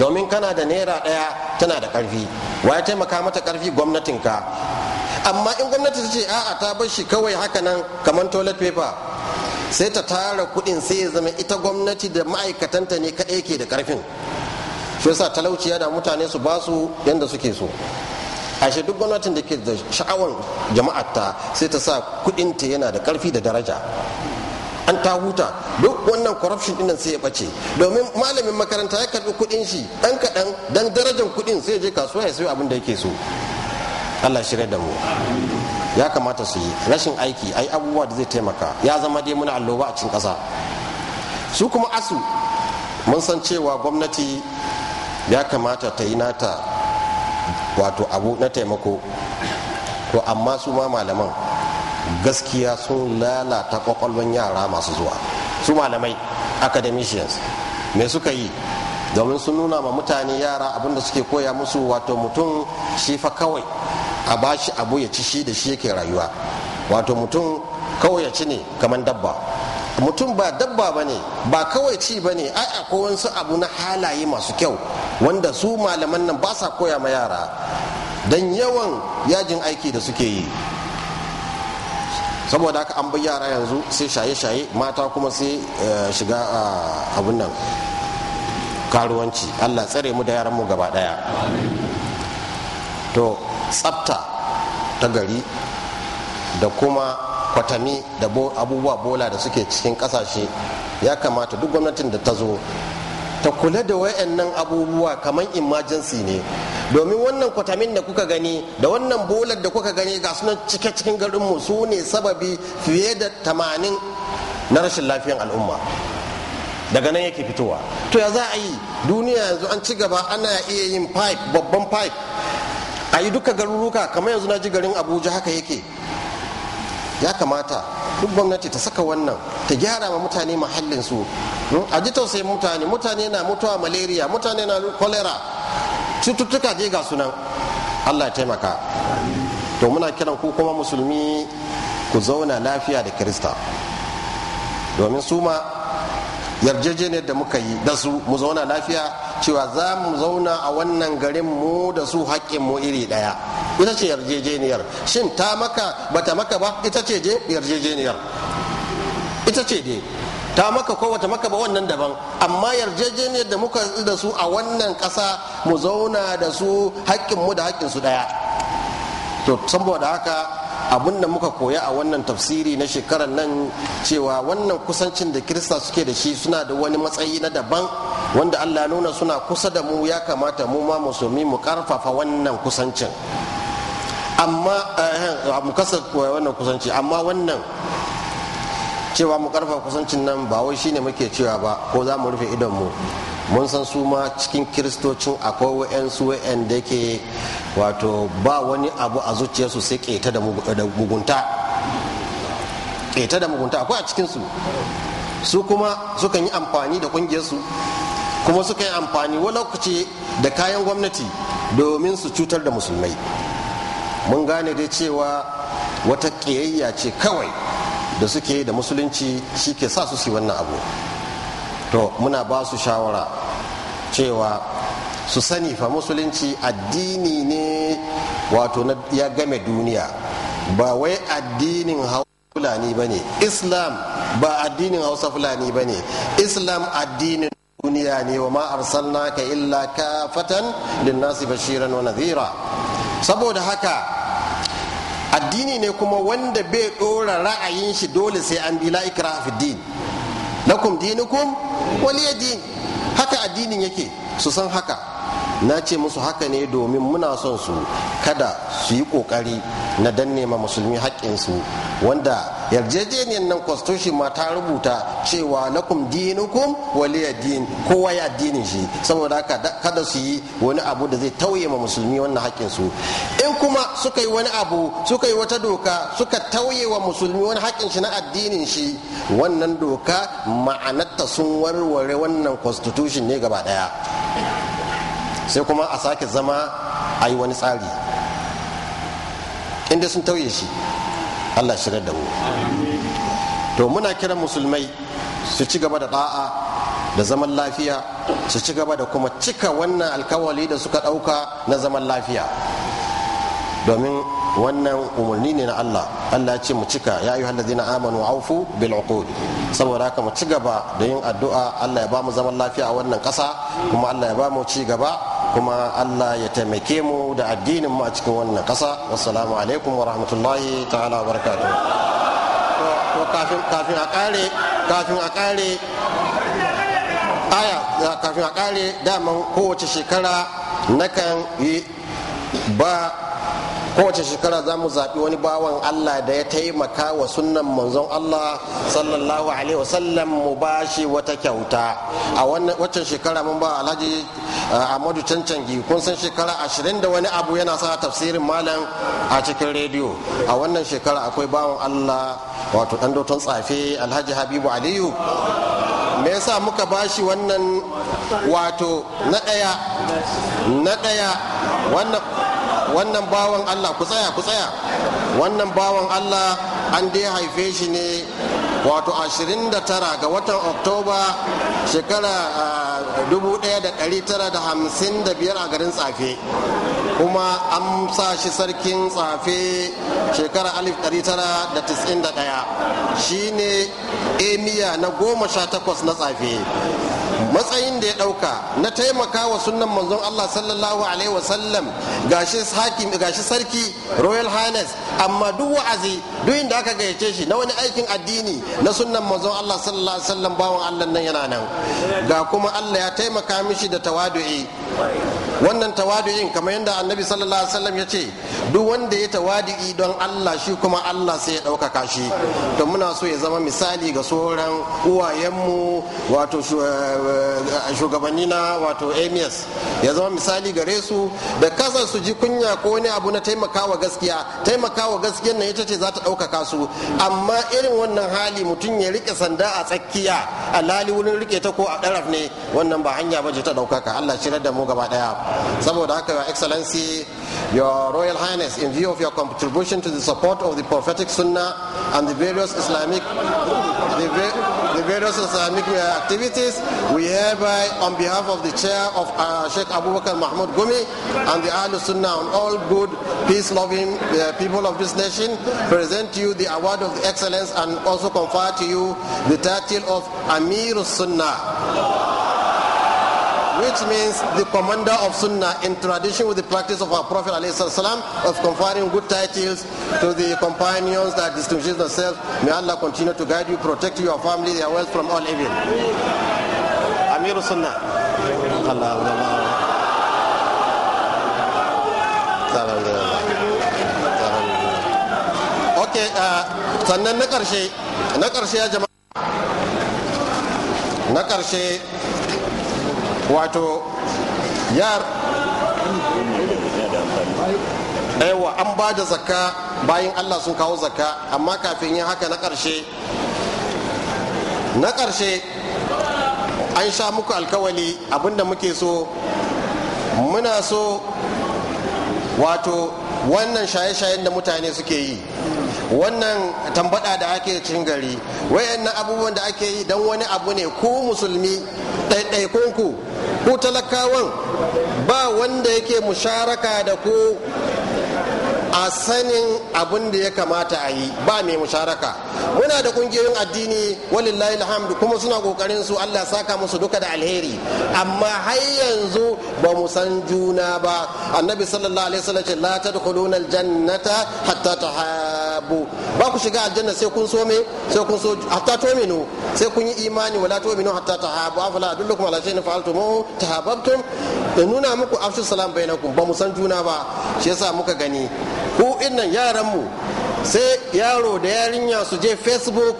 domin kana da naira ɗaya tana da karfi wa ya taimaka mata karfi gwamnatinka amma in gwamnati ta ce a'a ta bar shi kawai haka nan kamar toilet paper sai ta tara kudin sai ya zama ita gwamnati da ma'aikatanta ne kaɗai ke da karfin shi yasa talauciya da mutane su ba su yadda suke so ashe duk gwamnatin da ke da sha'awar jama'ata sai ta sa kudinta yana da karfi da daraja an ta huta duk wannan corruption dinnan sai ya bace domin malamin makaranta ya karbi kudin shi dan kadan dan darajar kudin sai ya je kasuwa ya sayo abin da yake so Allah shirya da mu ya kamata su yi rashin aiki ai abubuwa da zai taimaka ya zama dai muna alloba a cikin ƙasa su kuma asu mun san cewa gwamnati ya kamata ta yi nata wato abu na taimako ko amma su ma malaman gaskiya sun lalata kwakwalwan yara masu zuwa su malamai academicians me suka yi domin sun nuna ma mutane yara abinda suke koya musu wato mutum shi fa kawai a bashi abu ya ci shi da shi yake rayuwa wato mutum kawai ya ci ne kamar dabba mutum ba dabba ba ne ba kawai ci ba ne ai akwai wasu abu na halaye masu kyau wanda su malaman nan ba sa koya ma yara don yawan yajin aiki da suke yi saboda haka an bai yara yanzu sai shaye-shaye mata kuma sai eh, shiga ah, abun nan karuwanci allah tsare mu da yaran mu gaba daya to tsafta ta gari da kuma kwatami da abubuwa bola da suke cikin kasashe ya kamata duk gwamnatin da ta zo ta kula da wayannan abubuwa kamar imajensi ne domin wannan kwatamin da kuka gani da wannan bolar da kuka gani ga sunan cike cikin garinmu su ne sababi fiye da tamanin na rashin lafiyan al'umma daga nan yake fitowa to ya za a yi duniya yanzu an ci gaba ana iya yin pipe babban pipe a yi duka garuruka kamar yanzu na ji garin abuja haka yake ya kamata duk gwamnati ta saka wannan ta gyara ma mutane muhallin su a ji tausayin mutane mutane na mutuwa malaria mutane na cholera cututtuka je ga sunan allah ya taimaka to muna kiran ku kuma musulmi ku zauna lafiya da kirista domin su ma yarjejeniyar da muka yi da su mu zauna lafiya cewa za mu zauna a wannan garin mu da su haƙƙin mu iri ɗaya ita ce yarjejeniyar shin ta maka bata maka ba ita ce je yarjejeniyar ita ce dai ta maka ko wata maka ba wannan daban amma yarjejeniyar da muka da su a wannan ƙasa mu zauna da su haƙƙin mu da haƙƙin su ɗaya to saboda haka abin da muka koya a wannan tafsiri na shekarar nan cewa wannan kusancin da kirista suke da shi suna da wani matsayi na daban wanda allah nuna suna kusa da mu ya kamata mu ma musulmi mu karfafa wannan kusancin amma eh, mu kasa wannan kusanci amma wannan cewa mu karfafa kusancin nan ba wai shine muke cewa ba ko za mu rufe idon mu mun san su ma cikin kiristocin akwai wa'yansu da ke wato ba wani abu a zuciyarsu sai keta da mugunta keta da mugunta akwai a cikinsu su kuma sukan yi amfani da ƙungiyarsu kuma suka yi amfani wani da kayan gwamnati domin su cutar da musulmai mun gane dai cewa wata ƙiyayya ce kawai da suke da musulunci shi ke sa su su wannan abu to muna ba su shawara cewa su sani fa musulunci addini ne wato ya game duniya ba wai addinin hau fulani ba ne islam ba addinin hausa fulani ba ne islam addinin duniya ne wa ma ka illa ka fatan? linnasi bashiran wa nazira saboda haka addini ne kuma wanda bai dora ra'ayin shi dole sai an bi la'ikara a din lakum dinukum waliya din haka addinin yake su san haka na ce musu haka ne domin muna son su kada su yi kokari na danne ma musulmi haƙƙinsu wanda yarjejeniyar nan constitution ma ta rubuta cewa lakum dinukum waliya din kowa ya addinin shi saboda haka kada su yi wani abu da zai tauye ma musulmi wannan haƙƙinsu. in kuma suka yi wani abu suka yi wata doka suka tauye wa musulmi wani haƙƙin shi na addinin shi wannan doka ma'anarta sun warware wannan constitution ne gaba ɗaya sai kuma a sake zama a yi wani tsari inda sun tauye shi allah shirar da mu to muna kiran musulmai su ci gaba da da'a da zaman lafiya su ci gaba da kuma cika wannan alkawali da suka ɗauka na zaman lafiya domin wannan umarni ne na Allah Allah ce mu cika ya yi zina amanu aufu bil uqud saboda haka mu ci gaba da yin addu'a Allah ya ba mu zaman lafiya a wannan ƙasa kuma Allah ya ba mu ci gaba kuma allah ya taimake mu da addinin mu a cikin wannan ƙasa wassalamu alaikum wa rahmatullahi ta'ala wa kafin a ƙare kafin a kare aya kafin a kare daman kowace shekara nakan yi ba kowace shekara za mu zaɓi wani bawan Allah da ya taimaka wa sunnan manzon Allah sallallahu alaihi wasallam mu bashi wata kyauta a wannan waccan shekara mun ba Alhaji eh, Ahmadu Cancangi kun san shekara ashirin da wani abu yana sa tafsirin malam a cikin rediyo a wannan shekara akwai bawan Allah wato dan doton tsafe Alhaji Habibu Aliyu me yasa muka bashi wannan wato na ɗaya na daya wannan wannan bawan allah ku tsaya ku tsaya wannan bawan allah an dai haife shi ne wato 29 ga watan oktoba shekara 1955 a garin tsafe kuma an sa shi sarkin tsafe shekara 1991 ne emiya na 18 na tsafe matsayin da ya ɗauka na taimaka wa sunan manzon Allah sallallahu alaihi wasallam gashi hakim gashi sarki royal highness amma duk wa'azi duk inda aka gayyace shi na wani aikin addini na sunan manzon Allah sallallahu alaihi wasallam bawon Allah nan yana nan ga kuma Allah ya taimaka mishi da tawadu'i wannan tawadu'in kamar yadda annabi sallallahu alaihi wasallam ya ce duk wanda ya tawadu'i don Allah shi kuma Allah sai ya ɗaukaka shi to muna so ya zama misali ga sauran uwayenmu wato eh, eh, shugabanni na wato emirs ya zama misali gare su da kasar su ji kunya ko wani abu na taimakawa gaskiya taimakawa gaskiyar nan ita ce za ta ɗaukaka su amma irin wannan hali mutum ya rike sanda a tsakiya lali wurin rike ta ko a ɗaraf ne wannan ba hanya ba ce ta ɗaukaka Allah shirar da mu mu gaba daya saboda haka your excellency your royal highness in view of your contribution to the support of the prophetic sunnah and the various islamic the, the various Islamic uh, activities. We hereby, on behalf of the chair of uh, Sheikh Abu Bakr Mahmoud Gumi and the Ahlul Sunnah and all good, peace-loving uh, people of this nation, present to you the award of excellence and also confer to you the title of Amir Sunnah which means the commander of Sunnah in tradition with the practice of our Prophet salam, of conferring good titles to the companions that distinguish themselves. May Allah continue to guide you, protect your family, their wealth from all evil. Amir Sunnah. Okay, uh, sannan na ƙarshe, na ƙarshe ya jama'a, na ƙarshe wato yar aiwa an ba da zakka bayan allah sun kawo zakka amma kafin yin haka na ƙarshe na ƙarshe an sha muku alkawali abinda muke so muna so wato wannan shaye-shayen da mutane suke yi wannan tambada da ake cin gari wayannan abubuwan da ake yi don wani abu ne ko musulmi ɗaiɗaikunku ko talakawan ba wanda yake musharaka da ku a sanin abin da ya kamata a yi ba mai musharaka muna da kungiyoyin addini walillahi alhamdu kuma suna kokarin su Allah saka musu duka da alheri amma har yanzu ba mu san juna ba annabi sallallahu alaihi wasallam ce la tadkhuluna aljannata hatta tahaa sabo ba ku shiga aljanna sai kun so me sai kun so hatta to tu'minu sai kun yi imani wala to tu'minu hatta tahabu afala adullukum ala shay'in fa'altum tahabbtum da nuna muku afshu salam bainakum ba mu san juna ba shi yasa muka gani ku innan yaran mu sai yaro da yarinya su je facebook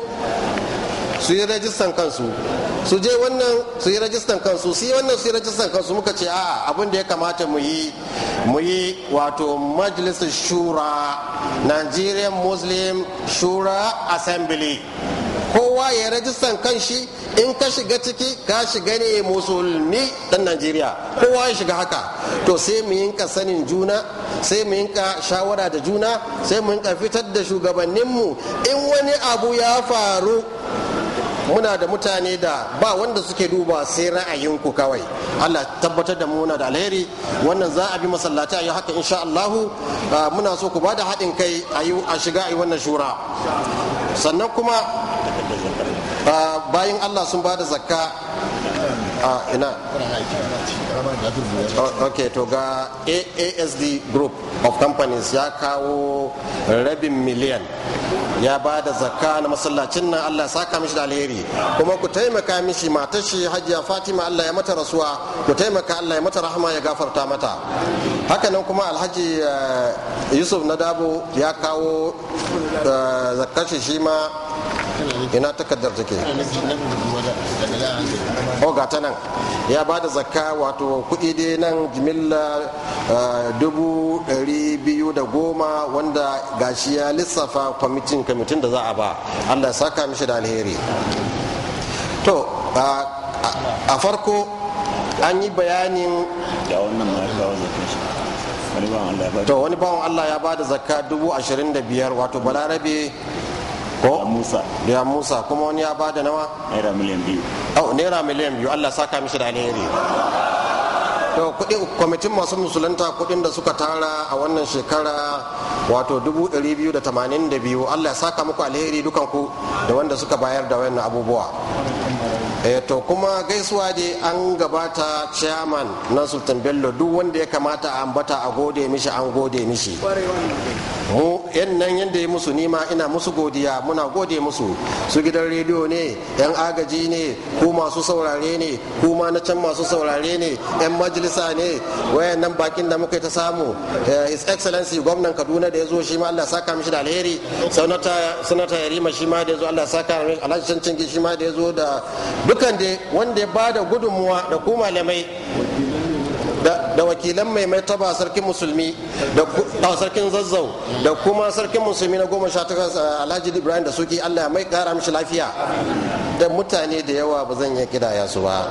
su yi rajistan kansu su je wannan su yi rajistan kansu su yi wannan su yi rajistan kansu muka ce a abin da ya kamata mu yi mu yi wato majalisar shura nigerian muslim shura assembly kowa ya rajistan kanshi in ka shiga ciki ka shiga ne musulmi dan najeriya kowa ya shiga haka to sai mu yinka sanin juna sai mu yinka shawara da juna sai mu yinka fitar da shugabanninmu in wani abu ya faru muna da mutane da ba wanda suke duba sai ra'ayinku kawai Allah tabbatar da muna da alheri wannan za a bi masallaci a yi haka insha Allahu ah, muna so ku ba da haɗin kai a shiga a yi wannan shura sannan kuma ah, bayan Allah sun ba da zakka ah ina ok to ga aasd group of companies ya kawo rabin miliyan ya ba da zakka na masallacin nan allah saka mishi da alheri kuma ku taimaka mishi matar shi hajiya fatima allah ya mata rasuwa ku taimaka allah ya mata rahama ya gafarta mata hakanan kuma alhaji eh, yusuf na dabo ya kawo eh, zakkar shi ma ina takardar take o oh, ga ta nan ya ba da zakka wato kuɗi dai nan jimilla ah, dubu ɗari biyu da goma wanda gashi ya lissafa kwamitin kwamitin da za a ba allah saka mishi da alheri to ah, a farko an yi bayanin to wani bawan allah ya ba da zakka dubu ashirin da biyar wato balarabe ko musa da musa kuma wani ya ba da nawa naira miliyan biyu au naira miliyan biyu allah saka mishi da alheri to kudi kwamitin masu musulunta kudin da suka tara a wannan shekara wato 282 allah ya saka muku alheri dukanku da wanda suka bayar da wannan abubuwa Eh, to kuma gaisuwa dai an gabata chairman na sultan bello duk wanda ya kamata a ambata a gode mishi an gode mishi mu yan nan yadda ya musu nima ina musu godiya muna gode musu su gidan rediyo ne yan agaji ne ku masu saurare ne ku ma na can masu saurare ne yan majalisa ne wayan nan bakin da muka ta samu eh, his excellency gwamnan kaduna da ya zo shi ma allah saka mishi da alheri sanata yarima shi ma da ya zo allah saka alhaji cancanci shi ma da ya zo da dukan da wanda ya bada gudunmuwa da ku malamai da wakilan mai mai taba sarkin musulmi da sarkin zazzau da kuma sarkin musulmi na goma sha takwas alhaji ibrahim da suke allah mai kara mishi lafiya da mutane da yawa ba zan iya kidaya su ba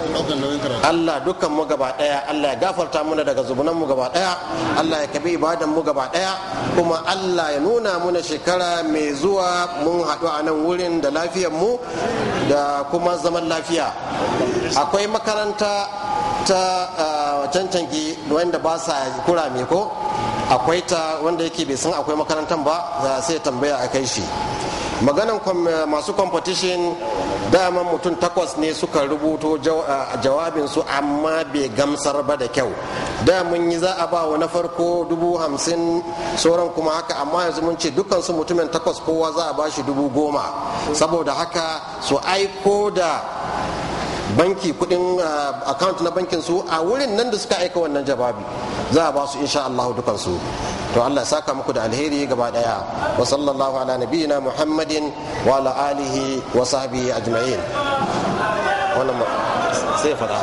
allah dukkan mu gaba daya allah ya gafarta muna daga zubunan mu gaba daya allah ya kabi ibadan mu gaba daya kuma allah ya nuna muna shekara mai zuwa mun haɗu a nan wurin da lafiyar mu da kuma zaman lafiya akwai makaranta ta cancan shange wanda ba sa kura mai ko akwai ta wanda yake bai san akwai makarantar ba sai tambaya a kai shi maganan masu competition daman mutum takwas ne suka rubuto jawabinsu amma bai gamsar ba da kyau da mun yi za a ba wa na farko dubu hamsin sauran kuma haka amma yanzu mun ce dukansu mutumin takwas kowa za a ba shi dubu goma saboda haka su aiko da banki kudin ah, account na bankin su a wurin nan da suka aika wannan jawabi za a ba su insha Allah dukan su to Allah saka muku da alheri gaba daya wa sallallahu ala nabiyina muhammadin wa ala alihi wa sahbihi ajma'in wannan sai fada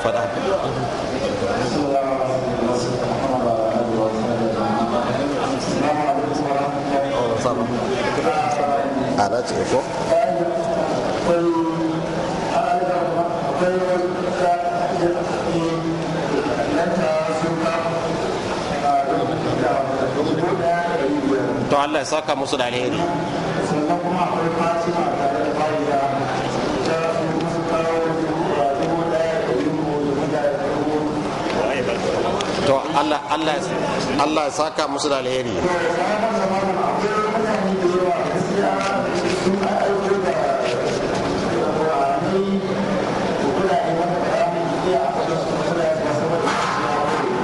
fada ana ce ko allah ya saka musu da alheri to allah allah allah ya saka musu da alheri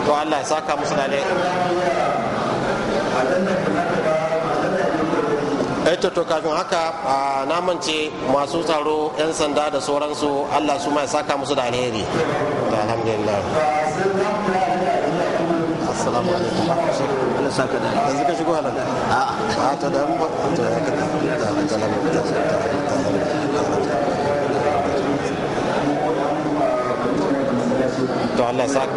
to allah ya saka musu da alheri ita to kafin haka na mance masu tsaro 'yan sanda da sauransu allah su mai saka musu da alheri da alhamdulillah assalamu alaikum Allah saka da yanzu ka shigo halal a a ta da mu ta da ka da da da to Allah saka